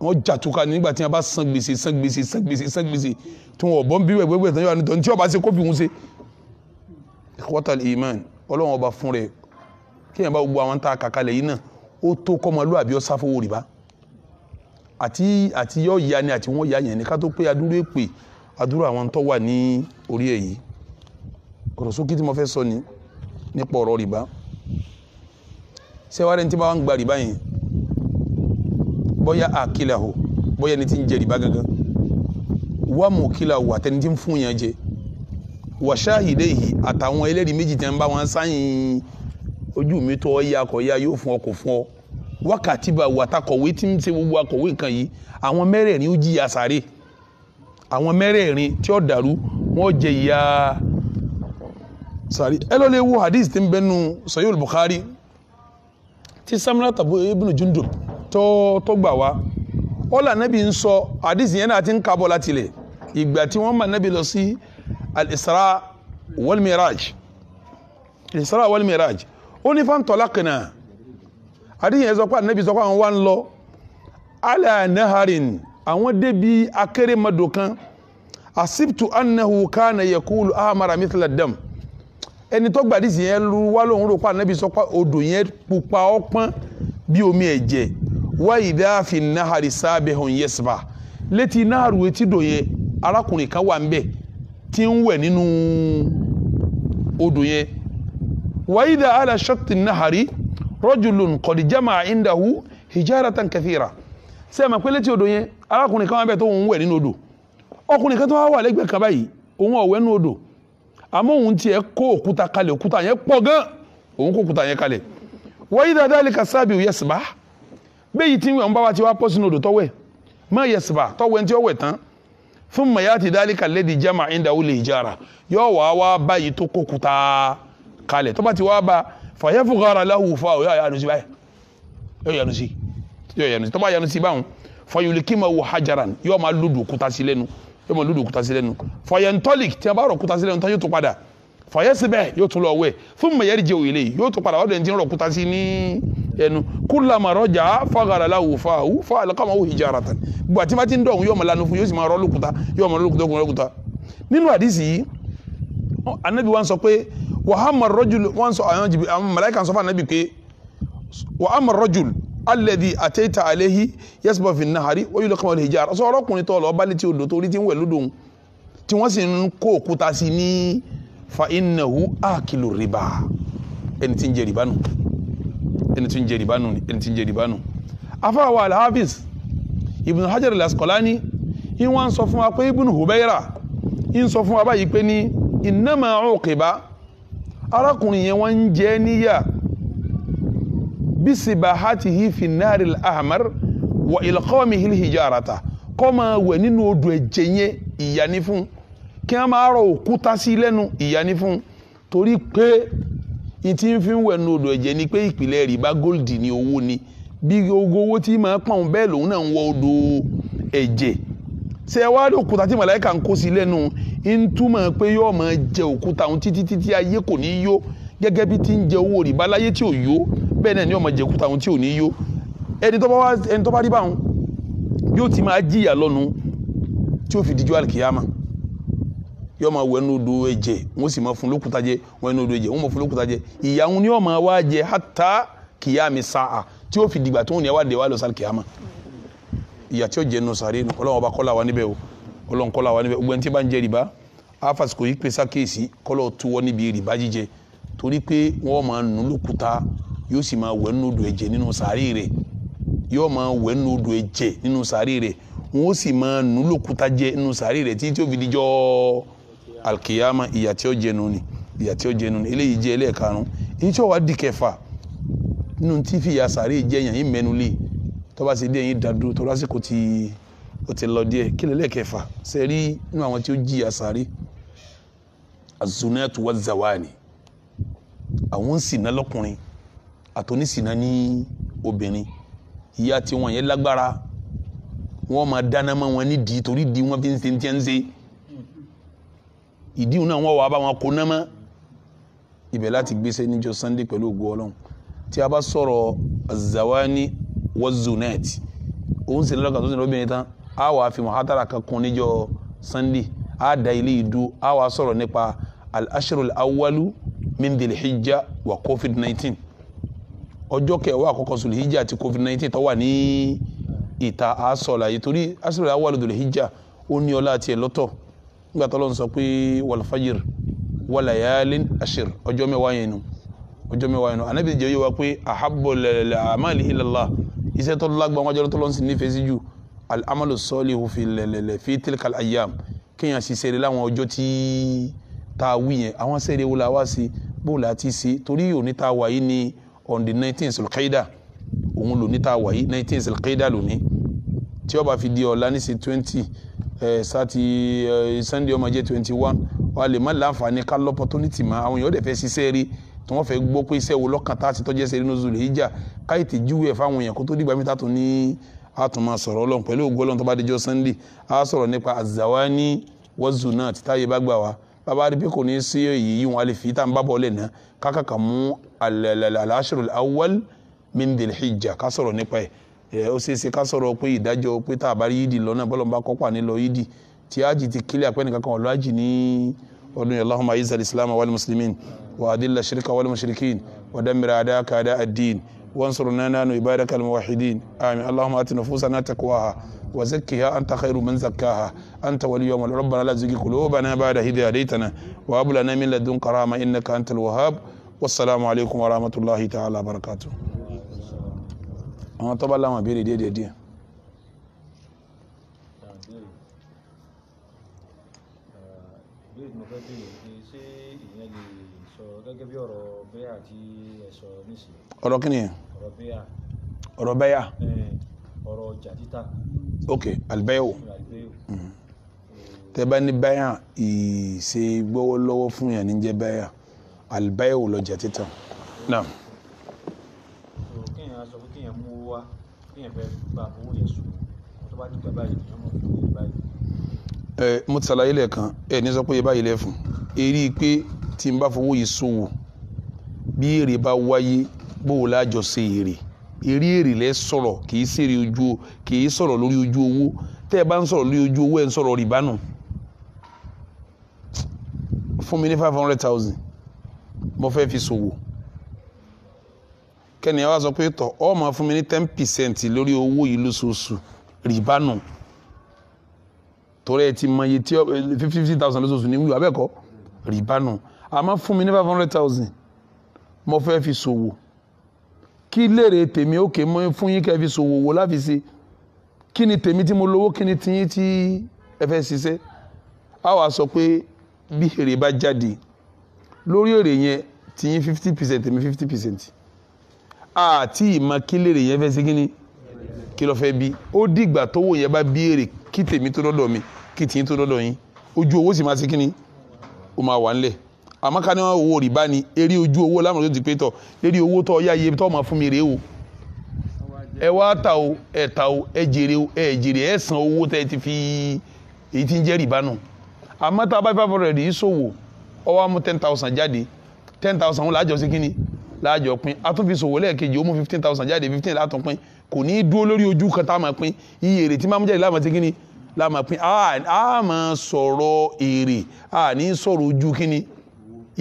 wọ́n jà túká nígbà tí wọ́n bá san gbèsè san gbèsè san gbèsè san gbèsè tí wọ́n bọ́ ń bí wẹ̀wẹ̀wẹ̀ tán yóò wà ní tọ́ni tí wọ́n bá ṣe kó fi hun ṣe. ikhwatal iman ọlọ́wọ́n ọba fún rẹ̀ kí yẹn bá gbogbo àwọn tá a kàkalẹ̀ yìí náà ó tó kọ́mọlúwàbí ọ̀sá fowó rìbá àti àti yọ ya ni àti wọ́n ya yẹn ni ká tó pé adúrú èpè adúrú àwọn tó wà ní orí ẹ̀ yìí ọ̀rọ̀ sókè tí mo fẹ́ sọ ni nípa ọ̀rọ̀ rìbá ṣẹ́wárẹ́ ní tí bóyá àkìlàhù bóyá ẹni tí ń jẹ rìbá gangan wà mú kìlàhù àtẹni tí ń fún yẹn jẹ wà ṣáàhìdéhì àtàwọn ẹlẹ́rìí méjì tẹ́ ń bá wọn sáyìn ojú mi tó ọ yá kọ yá yóò fún ọ kò fún ọ wákàtí bá wà takọ̀wé tí ń ṣe gbogbo akọ̀wé nǹkan yìí àwọn mẹ́rẹ̀ẹ̀rin ó jìyà sáré àwọn mẹ́rẹ̀ẹ̀rin tí ó dàrú wọ́n jẹ ìyà sáré ẹ lọ́ọ́ wo hadith tí ń bẹ́nu Sahih al-Bukhari tí Samura tàbí ibn Jundub tó tó gbà wá ọ̀là nẹ́bí ń sọ àdìsí yẹn náà ti ń kábọ̀ láti lè ìgbà tí wọ́n mọ̀ nẹ́bí lọ sí al-Isra wal-Miraj al-Isra wal-Miraj ó ní fantalaqna àdìsí yẹn sọ pé ànẹ́bí àwọn wá ń lọ ala naharin àwọn débi akérèmọdò asibtu annahu kana yakulu ahmara mithla dam ẹni tó gbàdísì yẹn lu wá lóhùn rò pé ànẹ́bí sọ pé odò yẹn pupa ọpọ́n bí omi ẹ̀jẹ̀ wa idha fi nahari sabihun yasba létí náàrú etí dòye arákùnrin kan wà nbẹ tí ń wẹ̀ nínú odò yẹn wa idha ala shakti nahari rajulun qad jama'a indahu hijaratan kathira ṣe é pé létí odò yẹn arákùnrin kan wà nbẹ tó ń wẹ̀ nínú odò ọkùnrin kan tó wà wà lẹ́gbẹ̀ẹ́ kan báyìí òun ọ̀wẹ́ nínú odò àmọ́ òun tiẹ̀ kó òkúta kalẹ̀ òkúta yẹn pọ̀ gan òun kó òkúta yẹn kalẹ̀ wa idha dhalika sabihu yasbah bẹ́ẹ̀ yìí tí wọ́n bá wa ti wá pọ̀ sínú odò tọ́wẹ̀ má yẹ sùbà tọ́wẹ̀ tí ó tán fún mayati dálíkà lẹ́dí jama ẹ̀ńdà ó lè jára yọ wà wá báyìí tó kó kuta kalẹ̀ tó bá ti wá ba fàyẹ́ fún gara láhùú fa ọ̀ yọ àyànú sí báyìí yọ yànú sí yọ yànú sí tó bá yànú báwọn fayolè kí ma wò hajaran yọ ma lùdù kuta sí lẹ́nu yọ ma lùdù kuta sí lẹ́nu fayẹ́ntọ́lì tí a bá rọ̀ kuta sí lẹ́nu tó tó padà fàyẹ́sì bẹ́ẹ̀ yóò tún lọ wẹ̀ fún mẹ̀yẹ́rì jẹ́ òye léyìí yóò tún padà ọ̀dọ̀ ẹni tí ń rọ̀ kúta sí ní ẹnu kúlàmà rọjà fagàràlà wò fa wò fa àlọ́kàmà wò hijara tán gbogbo àti bàtí ń dọ̀hún yóò mọ̀ lanu fún yóò sì máa rọ́ lókuta yóò mọ̀ lókuta okùn lókuta. nínú àdìsí yìí anabi wa sọ pé wàhámà rọ́jùl wọn sọ àwọn jìbì àwọn màláíkà sọ fún anabi pé wàhámà rọ́jùl alẹ́dì àtẹ́tà àlẹ́hí yẹ́sùbọ̀ fi fa innahu akilu riba ẹni tí ń jẹ rìbá nù ẹni tí ń jẹ rìbá nù ẹni tí ń jẹ rìbá nù afáwa alhafiz ibn hajar al-asqalani ìwọ̀n sọ fún wa pé ibn hubayra ń sọ fún wa báyìí pé ní innama uqiba arákùnrin yẹn wọ́n ń jẹ níyà bisibahatihi fi nari al-ahmar wa ilqamihi al-hijarata kọ́ máa wẹ̀ nínú odò ẹ̀jẹ̀ yẹn ìyà kí wọ́n máa rọ òkúta sí lẹ́nu ìyá ní fún un torí pé ìtí ń fi ń wẹ̀nu odò ẹ̀jẹ̀ ni pé ìpìlẹ̀ rìbá gold ni owó ni bí ogo owó tí máa pọ̀n bẹ́ẹ̀ lòun náà ń wọ odò ẹ̀jẹ̀ ṣe wá rí òkúta tí màláìka ń kó sí lẹ́nu ń túmọ̀ pé yóò máa jẹ òkúta òun títí títí ayé kò ní yó gẹ́gẹ́ bí ti ń jẹ owó rìbá láyé tí ò yó bẹ́ẹ̀ náà ni yóò máa jẹ òkúta òun tí ò ní yó ẹni tó bá rí báwọn yóò ti máa jìyà lọ́nu tí ó fi dijú àlìkìyàmá yóò máa wọ ẹnu odò ẹ̀jẹ̀ wọ́n sì máa fún lókúta jẹ wọ́n ẹnu odò ẹ̀jẹ̀ wọ́n máa fún lókúta jẹ ìyà ni yóò máa wá jẹ hàtà kìyàmì sáà tí yóò fi dìgbà tó ń yẹ wá dé wá lọ sáré kìyàmà ìyà tí yóò jẹ nù sáré nù ọlọ́wọ́n bá kọ́lá wa níbẹ̀ o ọlọ́wọ́n kọ́lá wa níbẹ̀ gbogbo ẹni tí bá ń jẹ rìbá afasiko yìí pèsè àkéèsí kọ́lọ́ tó wọ́ níbi rìbá jíjẹ torí pé wọ́n máa nù lókúta yóò alkiyama ìyà tí ó jẹnu ni ìyà tí ó jẹnu ni eléyìí jẹ ẹlẹ́ẹ̀karùn èyí tí ó wà di kẹfà nínú tí fìyà sàárè jẹyàn yìí mẹnu lé tó bá sì dé yìí dàdúró tó lásìkò tí ó ti lọ díẹ̀ kí lẹ́lẹ́ kẹfà ṣe rí nínú àwọn tí ó jìyà sàárè azunatu wa zawani àwọn ń sìnà lọ́kùnrin àtọ́nísìnà ní obìnrin ìyà tí yẹn lágbára wọn máa dáná mọ́ wọn nídìí torí di wọn fi ń ṣe ń tiẹ́ ń ṣe ìdíhùn náà wọ́n wà bá wọn kó ná mọ́ láti gbéṣẹ́ níjọ́ sunday pẹ̀lú ògo ọlọ́run tí a bá sọ̀rọ̀ azawani wazunet òun sì lọ́kàn tó sì lọ́bìnrin tán a wà fi muhatara kan kún níjọ́ sunday a da ilé ìdú a wà sọ̀rọ̀ nípa al-ashrul awwalu min hijja wa covid nineteen ọjọ́ kẹwàá àkọ́kọ́ sùlù hijja àti covid nineteen tó wà ní ìta àásọ̀lá yìí torí ashrul awwalu dhil hijja ó ní ọlá àti ẹ̀ lọ́tọ̀ nígbà tó lọ́n sọ pé wàlfàjìr wàlàyálin àṣìr ọjọ́ mẹ́wàá yẹn nu ọjọ́ mẹ́wàá yẹn nu anabi jẹ́ yóò wá pé ahabbo lẹ́lẹ́lẹ́ amali ilallah iṣẹ́ tó lágbá wájú tó lọ́n sì nífẹ̀ẹ́ sí jù alamalu sọ́ọ̀lì òfin lẹ́lẹ́lẹ́ fi tilkal ayam kéèyàn sì ṣeré láwọn ọjọ́ tí tá a wí yẹn àwọn ṣeré wo la sí bó la ti torí òní tá wà yìí ni on the nineteenth al-qaida òun lòní tá a wà yìí nineteenth al-qaida lòní tí ó bá fi di ọ̀la ní sí twenty Eh, sati eh, sunday ọmọ jẹ twenty one wà lè má láǹfààní ká lọ́pọ̀tunìtì mọ́ àwọn èèyàn dẹ̀ fẹ́ ṣiṣẹ́ rí tí wọ́n fẹ́ gbọ́ pé iṣẹ́ wo lọ́kàn tá a ti tọ́jú ẹsẹ̀ rí nínú ìjà káyì tí júwe ẹ̀ fáwọn èèyàn kó tó dìgbà mẹ́ta tó ní àtúmọ̀ sọ̀rọ̀ ọlọ́run pẹ̀lú ògùn ọlọ́run tó bá dijọ́ sunday á sọ̀rọ̀ nípa azawani wọ́zù náà tí táyé bá gbà wá bàbá rí pé kò ní sí èyí yìí wọn a lè fi tá à bá bọ̀ lẹ̀ ná kákàkà mú al-ashr al hijja ká sọ̀rọ̀ nípa ẹ̀ ó ṣeé ṣe ká sọ̀rọ̀ pé ìdájọ́ pé tá a bá rí yídì lọ́nà bọ́lọ̀ bá kọ́pà ní lọ yídì tí ájì ti kílẹ̀ àpẹ́ nìkan kan ọ̀lọ́ ájì ní ọdún yẹn Allahumma izz al-islam wal muslimin wa adilla shirka wal mushrikin wa dammir a'daka a'da' ad-din وانصرنا نانو عبادك الموحدين آمين اللهم آت نفوسنا تقواها وزكها أنت خير من زكاها أنت ولي ومن ربنا لا تزكي قلوبنا بعد إذ هديتنا وهب لنا من لدنك رحمة إنك أنت الوهاب والسلام عليكم ورحمة الله تعالى وبركاته àwọn tó bá láwọn ìbéèrè díẹ̀ díẹ̀. ọ̀rọ̀ kí ni yẹn. ọ̀rọ̀ bẹ́yà. ọ̀rọ̀ ọjà títà. ok alibẹ́yẹ̀wò. Mhm. tẹ́ bá ní bẹ́yà ìṣe fún yàn ní jẹ́ bẹ́yà alibẹ́yẹ̀wò lọ́jà títà. naam. téèyàn fẹ́ gba owó yẹn sùn tó bá dìgbà báyìí ni wọ́n mọ̀ fún báyìí. ẹ mo ti ṣàlàyé lẹ́ẹ̀kan ẹ ní sọ pé yẹ báyìí lẹ́fun èrí pé tí n bá fowó yìí ṣòwò bí èrè bá wáyé bóò lájọ ṣe èrè èrè èrè lẹ sọ̀rọ̀ kì í ṣèrè ojú kì í sọ̀rọ̀ lórí ojú owó tẹ́ ẹ bá ń sọ̀rọ̀ lórí ojú owó ẹ̀ ń sọ̀rọ̀ rìbánu fún mi ní five hundred thousand mo fẹ́ fi ṣòwò. So kẹ́ni ẹ wá sọ pé tọ̀ ọ máa fún mi ní ten percent lórí owó yìí lóṣooṣù rìbá torí ẹ ti mọ iye tí fifty thousand lóṣooṣù ní wíwá bẹ́ẹ̀ kọ́ rìbá nù àmọ́ fún mi ní five hundred thousand mo fẹ́ fi ṣòwò kí lèrè tèmi òkè mọ́ fún yín kẹ́ fi ṣòwò wò láfi ṣe kí ni tèmi tí mo lówó kí ni tiyín tí ẹ fẹ́ ṣiṣẹ́ a wàá sọ pé bí èrè bá jáde lórí èrè yẹn tiyín fifty percent tèmi fifty percent àti ìmọ̀kílèrè yẹn fẹ́ ṣe kí ni kí ló fẹ́ bí ó dìgbà tówó yẹn bá bí èrè kí tèmi tó dọ́dọ̀ mi kí tìyín tó dọ́dọ̀ yín ojú owó sì máa ṣe kí ni ó máa wà ńlẹ̀ àmọ́ ká ní wọn owó rìbá ni eré ojú owó lámùrán tó ti pé tọ̀ lérí owó tó ọyá iye tó máa fún mi rèé o ẹ wá ta o ẹ ta o ẹ jèrè o ẹ jèrè ẹ san owó tẹ ẹ ti fi èyí tí ń jẹ́ rìbá nù àmọ́ tá a bá fẹ́ fọ́ rẹ̀ rí sòwò ọwọ́ mú ten thousand jáde ten thousand wọn làá jọ sí kí ni láàjọ pín atúnfisòwò lẹ́ẹ̀kejì ó mú fifteen thousand jáde fifteen látún pín kò ní í dúró lórí ojú kan tá a máa pín iye èrè tí máa mú jáde láàmú ti kíni láàmú pín a máa sọ̀rọ̀ èrè a ní sọ̀rọ̀ ojú kíni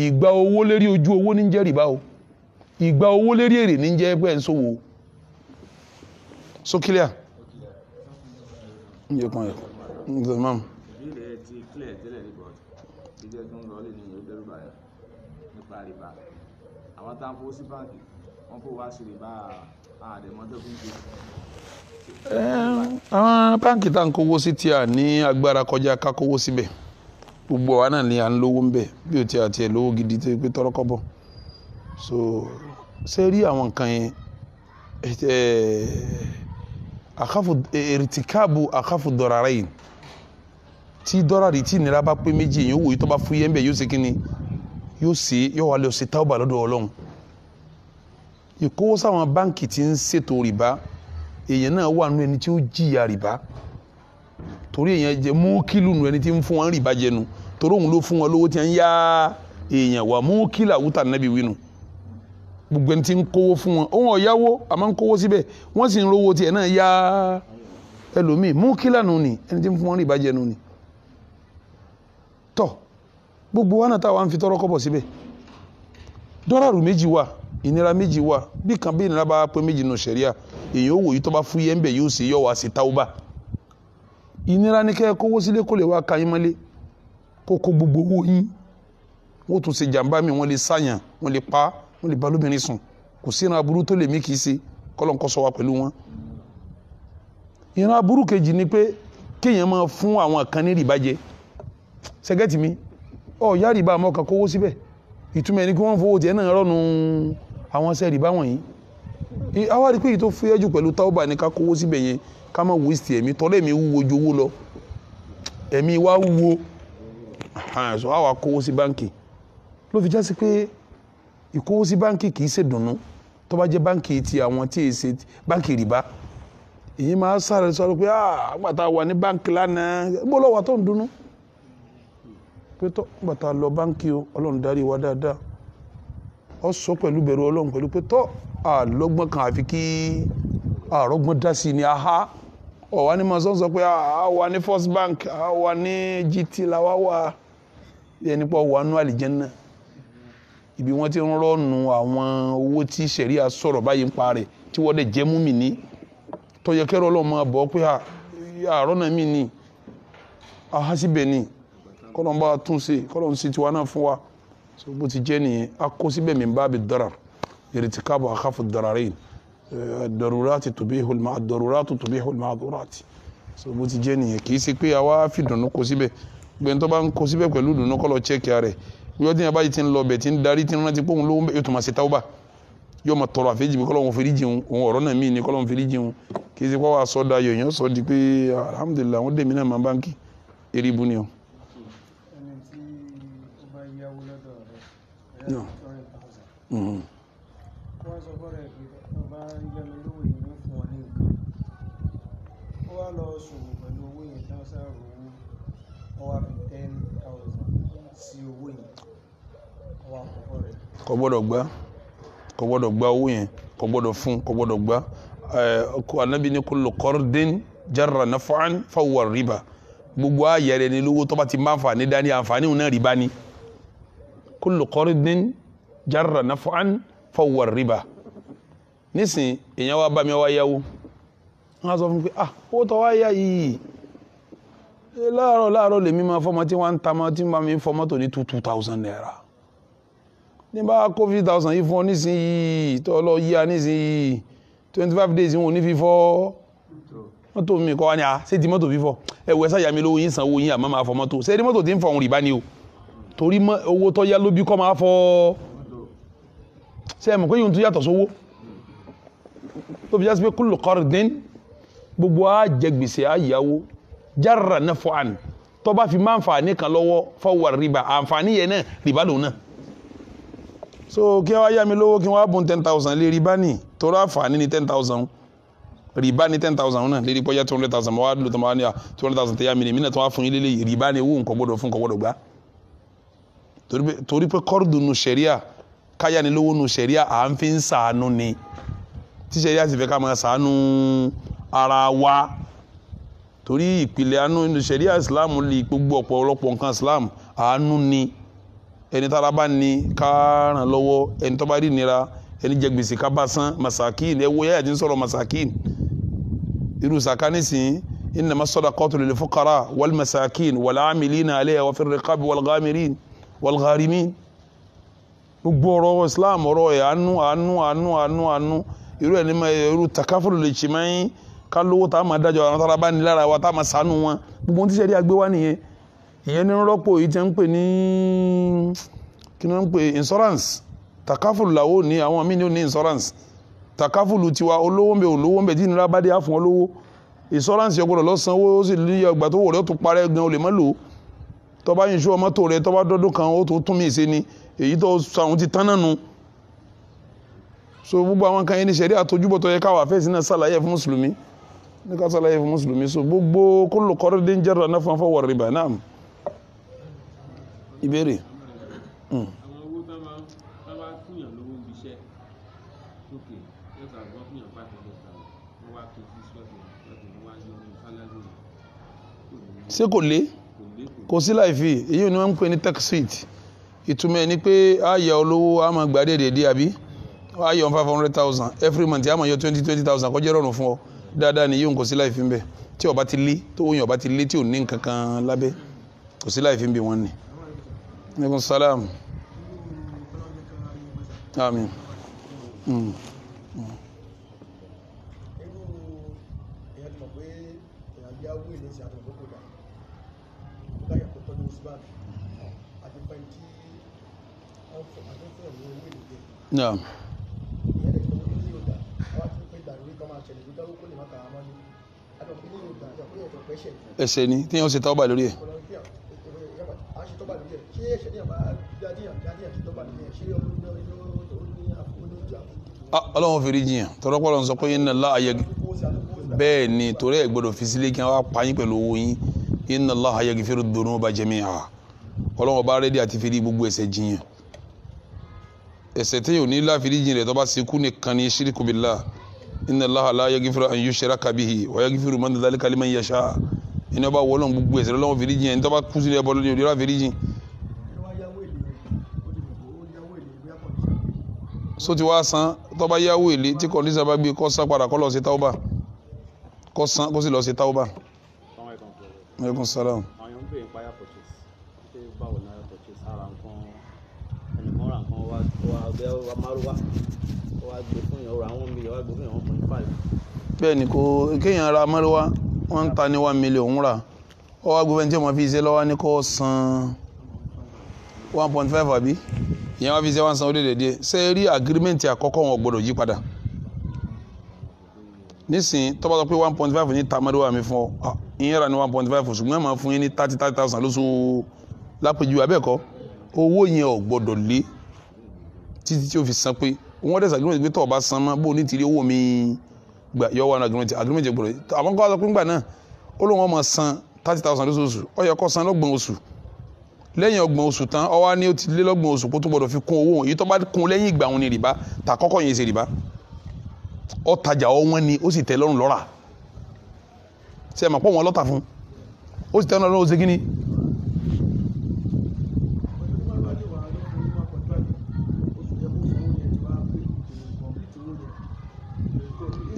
ìgbà owó lérí ojú owó ní jẹ́ rìbá o ìgbà owó lérí èrè ní jẹ́ pé ń ṣòwò so clear. Yeah, come on. tá à ń fowó sí báńkì wọ́n kó wá sí a àdèmọ́tò fún ṣe. àwọn báńkì tá à ń kówó sí tí a ní agbára kọjá ká kówó síbẹ̀ gbogbo àwa náà ni à ń lówó ń bẹ̀ bí o ti àti ẹ̀ lówó gidi tó pé tọ́rọ́kọ́ bọ̀ so ṣé rí àwọn nǹkan yẹn àkàfù èrìtìkáàbù àkàfù dọ̀rọ̀rẹ́ yìí tí dọ́làrì tí ìnira bá pé méjì yìí ó wòye tó bá fúyẹ́ ń bẹ̀ yóò ṣe kí ni yóò ṣe yóò wá lọ ṣe táwọn bá lọ́dọ̀ ọlọ́run ìkówó sáwọn báǹkì tí ń ṣètò rìbá èèyàn náà wà nínú ẹni tí ó jìyà rìbá torí èèyàn jẹ mú kílù nù ẹni tí ń fún wọn rìbá jẹnu torí òun ló fún wọn lówó tí wọn ń yá èèyàn wà mú kílà wúta nàbí wínú gbogbo ẹni tí ń kówó fún wọn òun ọ̀yáwó àmọ́ ń kówó síbẹ̀ wọ́n sì ń rówó tiẹ̀ náà yá ẹlòmíì mú kílà nù ni ẹni tí ń fún wọn rìbá jẹnu ni tọ́ gbogbo wa náà táwa ń fi tọrọ kọ́bọ̀ ìnira méjì wà bí kan bí ìnira bá pé méjì nù sẹ̀ríà èyí ó wòye tó bá fúyẹ́ ńbẹ̀ yóò sì yọ̀ wá sí táwùbà ìnira ní kẹ́ kówó sílé kó lè wá ka yín mọ́lé kó kó gbogbo owó yín wọ́n tún ṣe jàǹbá mi wọ́n lè ṣàyàn wọ́n lè pa wọ́n lè ba lóbìnrin sùn kò sí ìran aburú tó lè mí kì í ṣe kọ́lọ́n kó wa pẹ̀lú wọn. ìran aburú kejì ni pé kéèyàn máa fún àwọn kan ní rìbá jẹ mi ọ̀ yá rìbá àmọ́ kan kówó síbẹ̀ ìtumọ̀ ẹni pé wọ́n fowó tiẹ̀ náà rọ́nu àwọn sẹ́ẹ̀rì báwọn yìí àwa rí pé èyí tó fúyẹ́ jù pẹ̀lú tauba ni ká kówó síbẹ̀ yẹn ká má wíìsì ẹ̀mí tọ́lẹ̀ mi wúwo ju owó lọ ẹ̀mí wa wúwo so àwa kówó sí báǹkì ló fi jásí pé ìkówó sí báǹkì kì í ṣèdùnnú tó bá jẹ́ báǹkì ti àwọn tí èsì báǹkì rìbá èyí máa sáré sọ̀rọ̀ pé àgbàtà wà ní báǹkì lánàá gbọ́dọ̀ wà tó ń dunnú pé tó àgbàtà lọ báǹkì ọlọ́run darí wa dáadáa ọ sọ pẹ̀lú bẹ̀rù ọlọ́run pẹ̀lú pé tọ́ àlọ́gbọ́n kan àfi kí àrọ́gbọ́n dá sí ni aha ọ̀wá ni màá sọ pé àwa ní first bank àwa ní GT làwa wà ẹni pọ̀ wà nù àlìjẹ́nà ibi wọ́n ti ń rọ́ọ̀nù àwọn owó tí sẹ̀ríà sọ̀rọ̀ báyìí ń pa rẹ̀ tí wọ́n dẹ̀ jẹ́ mú mi ní tọ́yẹ kẹ́rọ ọlọ́mọ bọ̀ pé àárọ̀ náà mi ní ahásíbẹ̀ ni kọ́lọ́n bá tún ṣe kọ́lọ́n sì tiwa náà fún wa so bó ti jẹ́ nìyẹn a kó síbẹ̀ min babi darar a akhafu dararain eh, ad-darurati tubihu ad-daruratu tubihu al-ma'durati so bó ti jẹ́ nìyẹn kì í ṣe pé àwa fi dùnú kó síbẹ̀ gbẹ̀ntọ́ bá ń kó síbẹ̀ pẹ̀lú dùnú kọ́ lọ chẹ́kì rẹ̀ yóò dín abájí ti ń lọ bẹ̀ tí ń darí tí ń rántí pé òun ló yóò tó máa ṣe táwọn bá yóò No. Mm-hmm. wọ́n sọ fọ́rọ̀ ẹ̀ pé ọba ń yẹ mi lówó yìí ní fún ọ ní nǹkan ó wá lọ ṣòwò pẹ̀lú owó yẹn tán sáàrò owó ọwọ́ kò gbọ́dọ̀ gbà kò gbọ́dọ̀ gbà owó kò gbọ́dọ̀ fún kò gbọ́dọ̀ gbà eh, anabi ni kullu qardin jarra riba gbogbo ayẹrẹ ni lówó tó bá ti máa ń fà ní dání àǹfààní òun náà rí bá ní kullu qaridin jarra naf'an fọwọ́ rìbá nísìn èèyàn wá bá mi wá yáwó wọ́n á sọ fún mi pé ah owó tó wá yá yìí láàárọ̀ láàárọ̀ lèmi máa fọmọ tí wọ́n ń ta máa tí wọ́n mi fọ mọ́tò ní two two thousand naira ní bá kó fifty thousand yìí fún ọ nísìnyìí tó lọ yíya nísìnyìí twenty five days wọn ò ní fífọ́ mọ́tò mi kọ́ wa ni à ah, ṣé ti mọ́tò fífọ́ ẹ wẹ́sà yà lówó yín sanwó yín àmọ́ máa fọ mọ́tò ṣé ẹni mọ́tò ti ń fọ òun rìbá ni o torí owó tó yá ló bí kọ́ máa fọ́ ṣe é mọ̀ pé yóò tún yàtọ̀ sówó tó fi jásí pé kúlù kọ́rìndín gbogbo á jẹ gbèsè á yàwó jára náà fọ́ àná tó fi máa ń fàánì kan lọ́wọ́ fọwọ́ rìbá àǹfààní yẹn náà rìbá lòun náà. so kí wọ́n yá mi lówó kí wọ́n bùn ten thousand lé rìbá nì torí àǹfààní ni ten thousand rìbá ni ten thousand náà lérí pọ́jà two hundred thousand mọ́ wá lò tó máa ní ah, two hundred thousand tẹ̀yà mi ni mí náà tó wá fún yín lélẹ́yìí rìbá ni owó nǹkan gbọ́dọ̀ fún nǹkan gbọ́dọ̀ gbá torí pé kọ́rùdù nu sẹ̀ríà káyanilówó nu sẹ̀ríà à ń fi ń sàánú ni tí sẹ̀ríà sì fẹ́ ká máa sàánú ara wa torí ìpìlẹ̀ àánú nu sẹ̀ríà islam lè gbogbo ọ̀pọ̀lọpọ̀ nǹkan islam àánú ni ẹni tára bá ní ká ràn lọ́wọ́ ẹni tó bá rí ìnira ẹni jẹ gbèsè ká bá san masakin ẹ wo yáyà tí ń sọ̀rọ̀ masakin irú sàkánísìn innama sadaqatu lil fuqara wal masakin wal amilina alayha wàlùkàrìmí gbogbo ọ̀rọ̀ islam ọ̀rọ̀ ẹ̀ àánú àánú àánú àánú àánú irú ẹni máa irú takafúlù lè ṣe máa ń ká lówó tá a máa dájọ àwọn tára bá ní lára wa tá a máa sànú wọn gbogbo ohun tí sẹ́rí agbé wá nìyẹn ìyẹn ní rọ́pò èyí tí wọ́n ń pè ní kí wọ́n ń pè insurance takafúlù làwọn ò ní àwọn míì ní ò ní insurance takafúlù tiwa olówó ń bẹ olówó ń bẹ tí ìnira bá dé àfọ̀n olówó insurance yọ gbọ́dọ̀ lọ́sàn-án ó sì lè yọ ìgbà tó wọ̀ tó bá yín ṣú ọmọ tó rẹ tó bá dọ́dún kan ó tó tún mí ṣe ni èyí tó sàwọn ti tán náà nu so gbogbo àwọn kan yẹn ní sẹ́rí àtọ́júbọ̀ tó yẹ káwá fẹ́sìn náà ṣàlàyé fún mùsùlùmí ní ká ṣàlàyé fún mùsùlùmí so gbogbo kullu qardin jarra naf'an fahuwa riba naam ìbéèrè. Mm. ṣé kò lé kò sí láìfi èyí ni wọ́n ń pè ní taxit ìtumọ̀ ni pé àyà olówó a máa gbà déédéé dé àbí àyà five hundred thousand every month a máa yọ twenty twenty thousand kọjá rọrùn fún ọ dáadáa ni yóò kò sí láìfi ń bẹ tí ọba ti lé tó wọ́n ọba ti lé tí ò ní nǹkan kan lábẹ́ kò sí láìfi ń bẹ wọ́n ni. aleykum salaam. Amen. Mm. ẹ̀ṣẹ̀ ni tí yẹn ó ṣe tọ́ba lórí ẹ̀ ah, ọlọ́run fèrè jiyàn tọ́lọ́pọ̀ lọ́n sọ pé iná láàyè bẹ́ẹ̀ ni torí ẹ̀ gbọ́dọ̀ fi sílé kí wọ́n pa yín pẹ̀lú owó yín iná láàyè fèrè dùnú bá jẹ́mi à ọlọ́run ọba rẹ́dí àti fèrè gbogbo ẹ̀ṣẹ̀ jiyàn ẹ̀ṣẹ̀ téèyàn ní láfiríjì rẹ̀ tó bá ṣe kú nìkan ní ṣíríkù billah inna Allaha la yaghfiru an yushraka bihi wa yaghfiru man dhalika liman yasha ẹni ọba wọlọ gbogbo ẹ̀ṣẹ̀ lọ́wọ́ firíjì ẹni tó bá kú sílẹ̀ ẹbọ lórí ọdún so ti wá san tó bá èlé tí kọ̀ọ̀dísà bá gbé kó san padà kó lọ ṣe tauba kó san kó sì lọ ṣe tauba. Alaikum salaam. àwọn yòókù ń pè é páyà pọ̀tù wa márúwá ó wá gbé fún yàn ó ra one million ó wá gbé fún yàn one point five. bẹ́ẹ̀ ni kò kéèyàn ra márúwá wọ́n ń ta ní one million òun rà ó tí wọ́n fi ṣe lọ́wọ́ ní kó san one point five àbí ìyẹn wá fi ṣe wá san ó dédé díẹ̀ rí agreement àkọ́kọ́ wọn gbọ́dọ̀ yí padà nísìnyí tó bá sọ pé one point five ní tamariwa mi fún ọ ìyẹn rà ní one point five ṣùgbọ́n ẹ̀ máa fún yín ní thirty thirty thousand lóṣù lápèjúwe abẹ́ẹ̀kọ́ owó yẹn ò gbọ́dọ̀ lé títí tí o fi san pé wọ́n dẹ̀ sàgírímẹ̀tì pé tọ̀ bá san mọ́ bó ní tìrí owó mi gbà yọ wà ní agírímẹ̀tì agírímẹ̀tì gbọ́dọ̀ àwọn kọ́ pé ńgbà náà ó lóun ọmọ san thirty thousand lóṣooṣù ó yẹ kó san lọ́gbọ̀n oṣù lẹ́yìn ọgbọ̀n oṣù tán ó wá ní ó ti lé lọ́gbọ̀n oṣù kó tó gbọ́dọ̀ fi kún owó èyí tó bá kún lẹ́yìn ìgbà òun ni rìbá tà kọ́kọ́ yẹn ṣe rìbá ó tajà ọwọ́n ni ó sì tẹ́ lọ́rùn lọ́ra ṣe é mà pọ̀ wọn lọ́ta fún ó sì tẹ́ lọ́rùn lọ́ra ó ṣe kí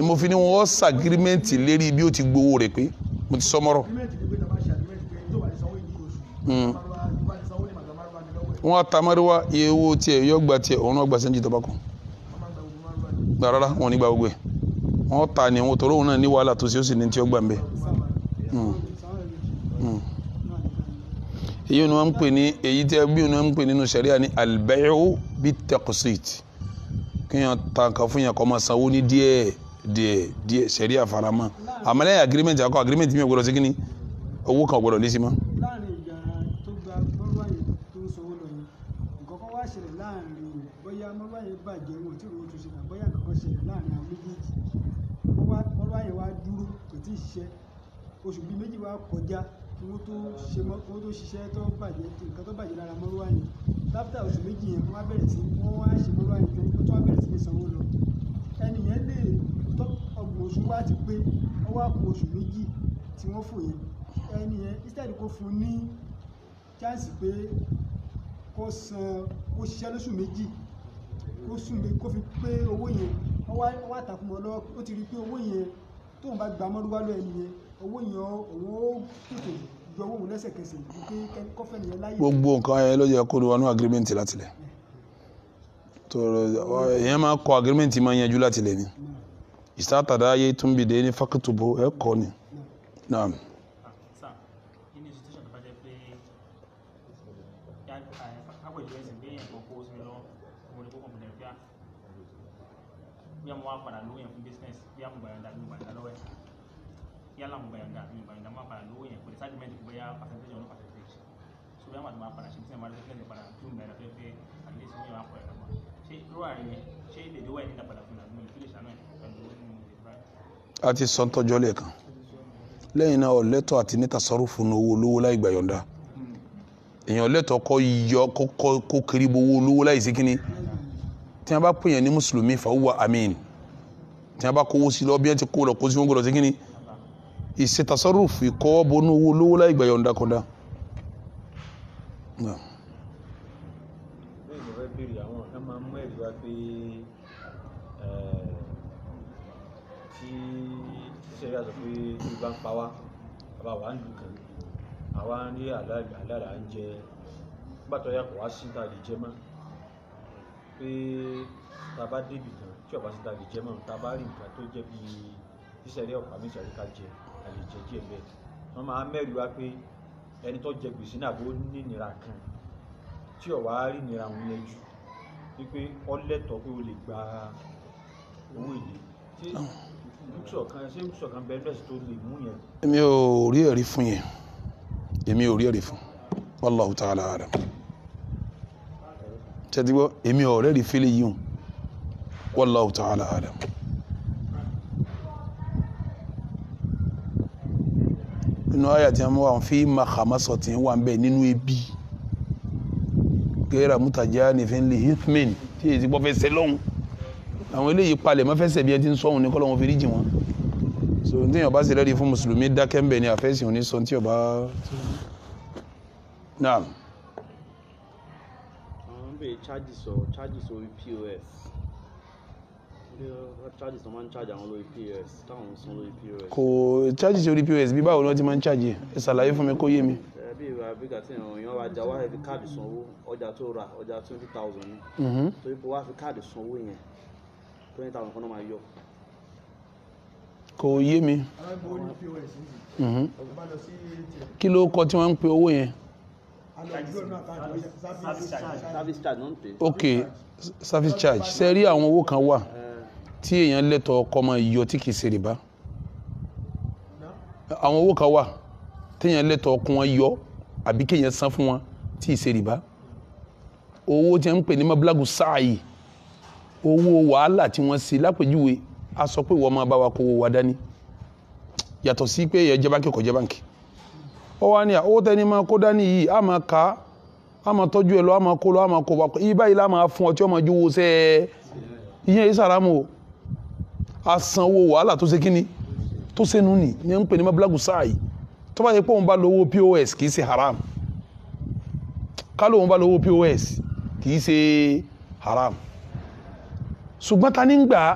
ni mo fi ní wọ́n ṣàgírímẹ́ǹtì lérí bí ó ti gbowó rẹ̀ pé mo ti sọmọ́rọ̀. wọ́n á ta mọ́ríwá iye owó tiẹ̀ yọ gba tiẹ̀ òun náà gba sẹ́ńjì tọ́ba kan gba rárá wọn ní gba gbogbo ẹ̀ wọ́n ta ni wọn tọ́lọ́hún náà ní wàhálà tó ṣe ó sì ní tí ó gbà ń bẹ̀. Hmm. Hmm. èyí ni wọ́n ń pè ní èyí tí ẹbí ni wọ́n ń pè nínú sẹ̀ríà ní albayo bit taqsit kéèyàn ta nǹkan fún yàn kó máa sanwó ní díẹ̀ deɛ deɛ sariya fara ma amana yɛ agreement akɔ agreement mi gbọ́dọ̀ segin ni owó kan gbọ́dọ̀ lisi ma. oṣù bíi méjì wá kọjá kí wọ́n tó ṣe wọ́n tó ṣiṣẹ́ tó bàjẹ́ nǹkan tó bàjẹ́ lára mọ́lúwà yẹn láfíà oṣù méjì yẹn wọ́n á bẹ̀rẹ̀ sí wọ́n wá ṣe mọ́lúwà yẹn tó wá bẹ̀rẹ̀ sí sanwó lọ ẹnìyẹn lè oṣù wá ti pé wọ́n wá kù oṣù méjì tí wọ́n fò yẹn ẹni yẹn instead kó fún ní chance pé kó san kó ṣiṣẹ́ lóṣù méjì kó sùn lé kó fi pé owó yẹn wọ́n wá tàkùn mọ́ lọ́wọ́ ó ti rí i pé owó yẹn tóun bá gba mọ́rúwá lọ ẹni yẹn owó yẹn òun ó tètè yọ owó lẹ́sẹ̀kẹsẹ̀ wípé kọ́fẹ́ nìyẹn láyè. gbogbo nǹkan ẹ ló yẹ kó lọ wọnú agreement látilẹ̀ èèyàn máa kọ agreement máa yanjú látilẹ̀ ni ìsátàdá ayé tún bìdé ní fákìtùbù ẹ kọ ni. naam. bí a mọ yẹn a ti sọ tọjọ́ lẹ́ẹ̀kan lẹ́yìn náà ọ̀lẹ́tọ̀ àti níta sọ́rọ́ fún owó olówó láì gbà yọ̀ǹda èèyàn ọ̀lẹ́tọ̀ kọ́ yọ kọ́ kó kiri bo owó olówó láì sí kíni tí wọ́n bá pè yẹn ní mùsùlùmí fàwùwà amín tí wọ́n bá kówó sí lọ bí ti kó lọ kó sí wọn gbọdọ̀ sí kíni ìṣètàsọ́rọ̀ fi kọ́ bonú owó olówó láì gbà yọ̀ǹda kọ́dá. bẹ́ẹ̀ ni wọ́n bẹ̀rẹ̀ àwọn ọ̀gá máa mú ẹ̀rí wá pé iṣẹ́ yàtọ̀ pé bí bá ń pa wá bàbá wa ń kàn àwa àlàyé àlàyé à ń jẹ kò wá ta lè jẹ mọ́ pé ta bá tí ọ̀pá sí ta lè jẹ mọ́ ta bá rí nǹkan tó jẹ́ bíi ìṣẹ̀lẹ̀ ọ̀pá jẹ jẹ díẹ̀ bẹ́ẹ̀ wọ́n máa mẹ́rin wá pé gbèsè náà ní ìnira kan tí ọ̀wá rí ìnira yẹn jù wípé pé o lè èmi ò rí ẹ̀rí fún yẹn èmi ò rí ẹ̀rí fún wallahu ta'ala alam tẹ́tígbọ́ èmi ò rẹ́rí fẹ́lẹ̀ yìí hùn wallahu ta'ala alam. nínú ayé àti àwọn àwọn fi máa kàmásọ̀ tí wà ń bẹ̀ nínú ẹbí gẹ́gẹ́ rà mútajà nífẹ̀ẹ́ lè hithman tí èyí ti gbọ́ fẹ́ sẹ́lọ́hún àwọn eléyìí palẹ̀ mọ́fẹ́sẹ̀ bí ẹ ti ń sọ́hun ní kọ́lọ́wọ́n fi ríjì wọn so ní tíyàn bá ṣe lẹ́rìí fún mùsùlùmí dákẹ́ ń bẹ̀ ni àfẹ́sìn òní sọ tíyàn bá. naam. àwọn ń bèèrè charges sọ charges orí POS charges máa ń charge àwọn lórí POS táwọn ń san lórí POS. kò charges orí POS bí báwo ni wọ́n ti máa ń charge ẹ ṣàlàyé fún mi kó yé mi bí ìwà bíga tí èèyàn wa jà wá fi káàdì sanwó ọjà tó ra ọjà twenty thousand ni mhm. torí pé wá fi káàdì sanwó yẹn twenty thousand kan náà máa yọ. kò yé mi. Mhm. kí ló kọ tí wọ́n ń pe owó yẹn. service charge náà ń pè. ok service charge ṣe rí àwọn owó kan wà tí èèyàn lẹ́tọ̀ọ́ kọ́ máa yọ tí kì í ṣe rìbá àwọn owó kan wà téèyàn lẹ́tọ̀ọ́ kún wọn yọ àbí kéèyàn san fún wọn tí ì ṣe rìbá owó tí wọ́n ń pè ní mablagu sáàyè owó wàhálà tí wọ́n ṣe lápèjúwe a sọ pé wọ́n máa bá wa kó owó wa dání yàtọ̀ sí pé èèyàn jẹ́ báńkì kò jẹ́ báńkì ó wá ní owó tẹni máa kó dání a máa ka a máa tọ́jú ẹ lọ a máa kó a máa kó wa iye báyìí la máa fún ọ tí ju sẹ́ ẹ ìyẹn o a san owó wàhálà tó ṣe kíni tó ṣe nù ní ní ń pè ní sáàyè tó bá yẹ POS kì í haram ká bá POS kì í haram. ṣùgbọ́n ta ni ń gbà á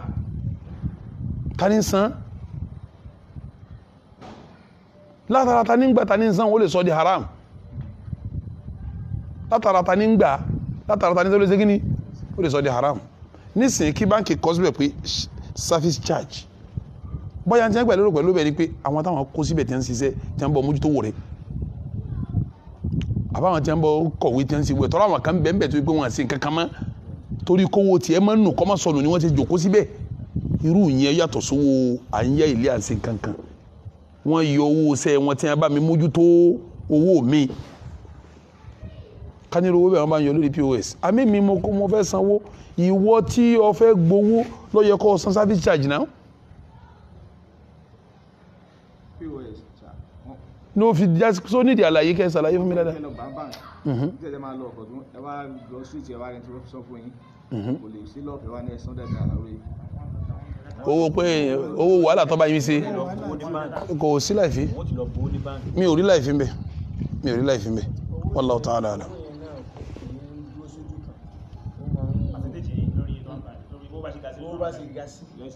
ta ni ń san látara ta ni ń gbà ta ni ń san ó lè sọ di haram látara ta ni ń gbà látara ta ni tó lè ṣe kíni ó lè sọ di haram nísìnyí kí báńkì kọ síbẹ̀ pé service charge bóyá tí wọ́n gbà lérò pẹ̀lú bẹ́ẹ̀ ni pé àwọn táwọn kó síbẹ̀ tí wọ́n ń ṣiṣẹ́ tí wọ́n ń bọ̀ mójútó wò rẹ̀ àbáwọn tí wọ́n ń bọ̀ kọ̀wé tí ń ṣe wẹ̀ tọ́lá àwọn kan bẹ́ẹ̀ bẹ́ẹ̀ tó yẹ pé wọ́n àṣe nǹkan mọ́ torí kówó tiẹ̀ máa ń nù kọ́mọ́ sọnù ni wọ́n ti jòkó síbẹ̀ irú yẹn yàtọ̀ sówó à ń yá ilé àǹsìn kankan wọ́n yọ owó sẹ́ wọn tí wọ́n bá mi mójútó owó mi kánírò owó bẹ́ẹ̀ wọ́n bá ń yọ lórí pos àmì mi mo kó mo fẹ́ sanwó ìwọ tí o fẹ́ gbowó ló yẹ kó o san service charge náà. o fi jásí so nídìí àlàyé kẹ́ ẹ ṣàlàyé fún mi dáadáa. Mhm. ẹ lọ bá bá ẹ tẹ̀lé máa lọ ọkọ̀ tún ẹ wá lọ sí ìtì ẹ wá rẹ̀ tí wọ́n sọ fún yín. Mm-hmm. kò lè sí lọ́ọ̀fẹ́ wa ní ẹ̀sán dẹ́gbẹ́ àláwé owó pé owó wàhálà tó bá yín ṣe kò sí láìfí mi ò rí láìfí ń bẹ mi ò rí láìfí ń bẹ wallahu ta'ala alam.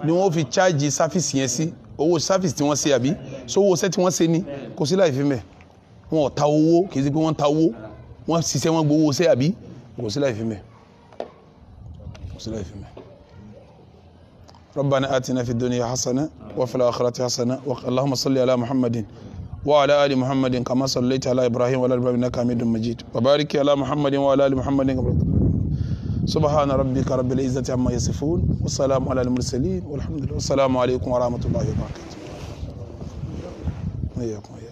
ni wọ́n fi cháàjì sáfìsì yẹn sí owó sáfìsì tí wọ́n ṣe àbí sówó ṣẹ́ tí wọ́n ṣe ni kò sí láìfí ń bẹ wọn ò ta owó kì í ṣe pé wọ́n ta owó wọ́n ṣiṣẹ́ wọn gbowó ṣẹ́ àbí kò sí láìfí ń bẹ. سليفمه ربنا آتنا في الدنيا حسنة وفي الآخرة حسنة اللهم صل على محمد وعلى آل محمد كما صليت على إبراهيم وعلى إبراهيم إنك حميد مجيد وبارك على محمد وعلى آل محمد سبحان ربك رب العزة عما يصفون والسلام على المرسلين والحمد لله والسلام عليكم ورحمة الله وبركاته إياكم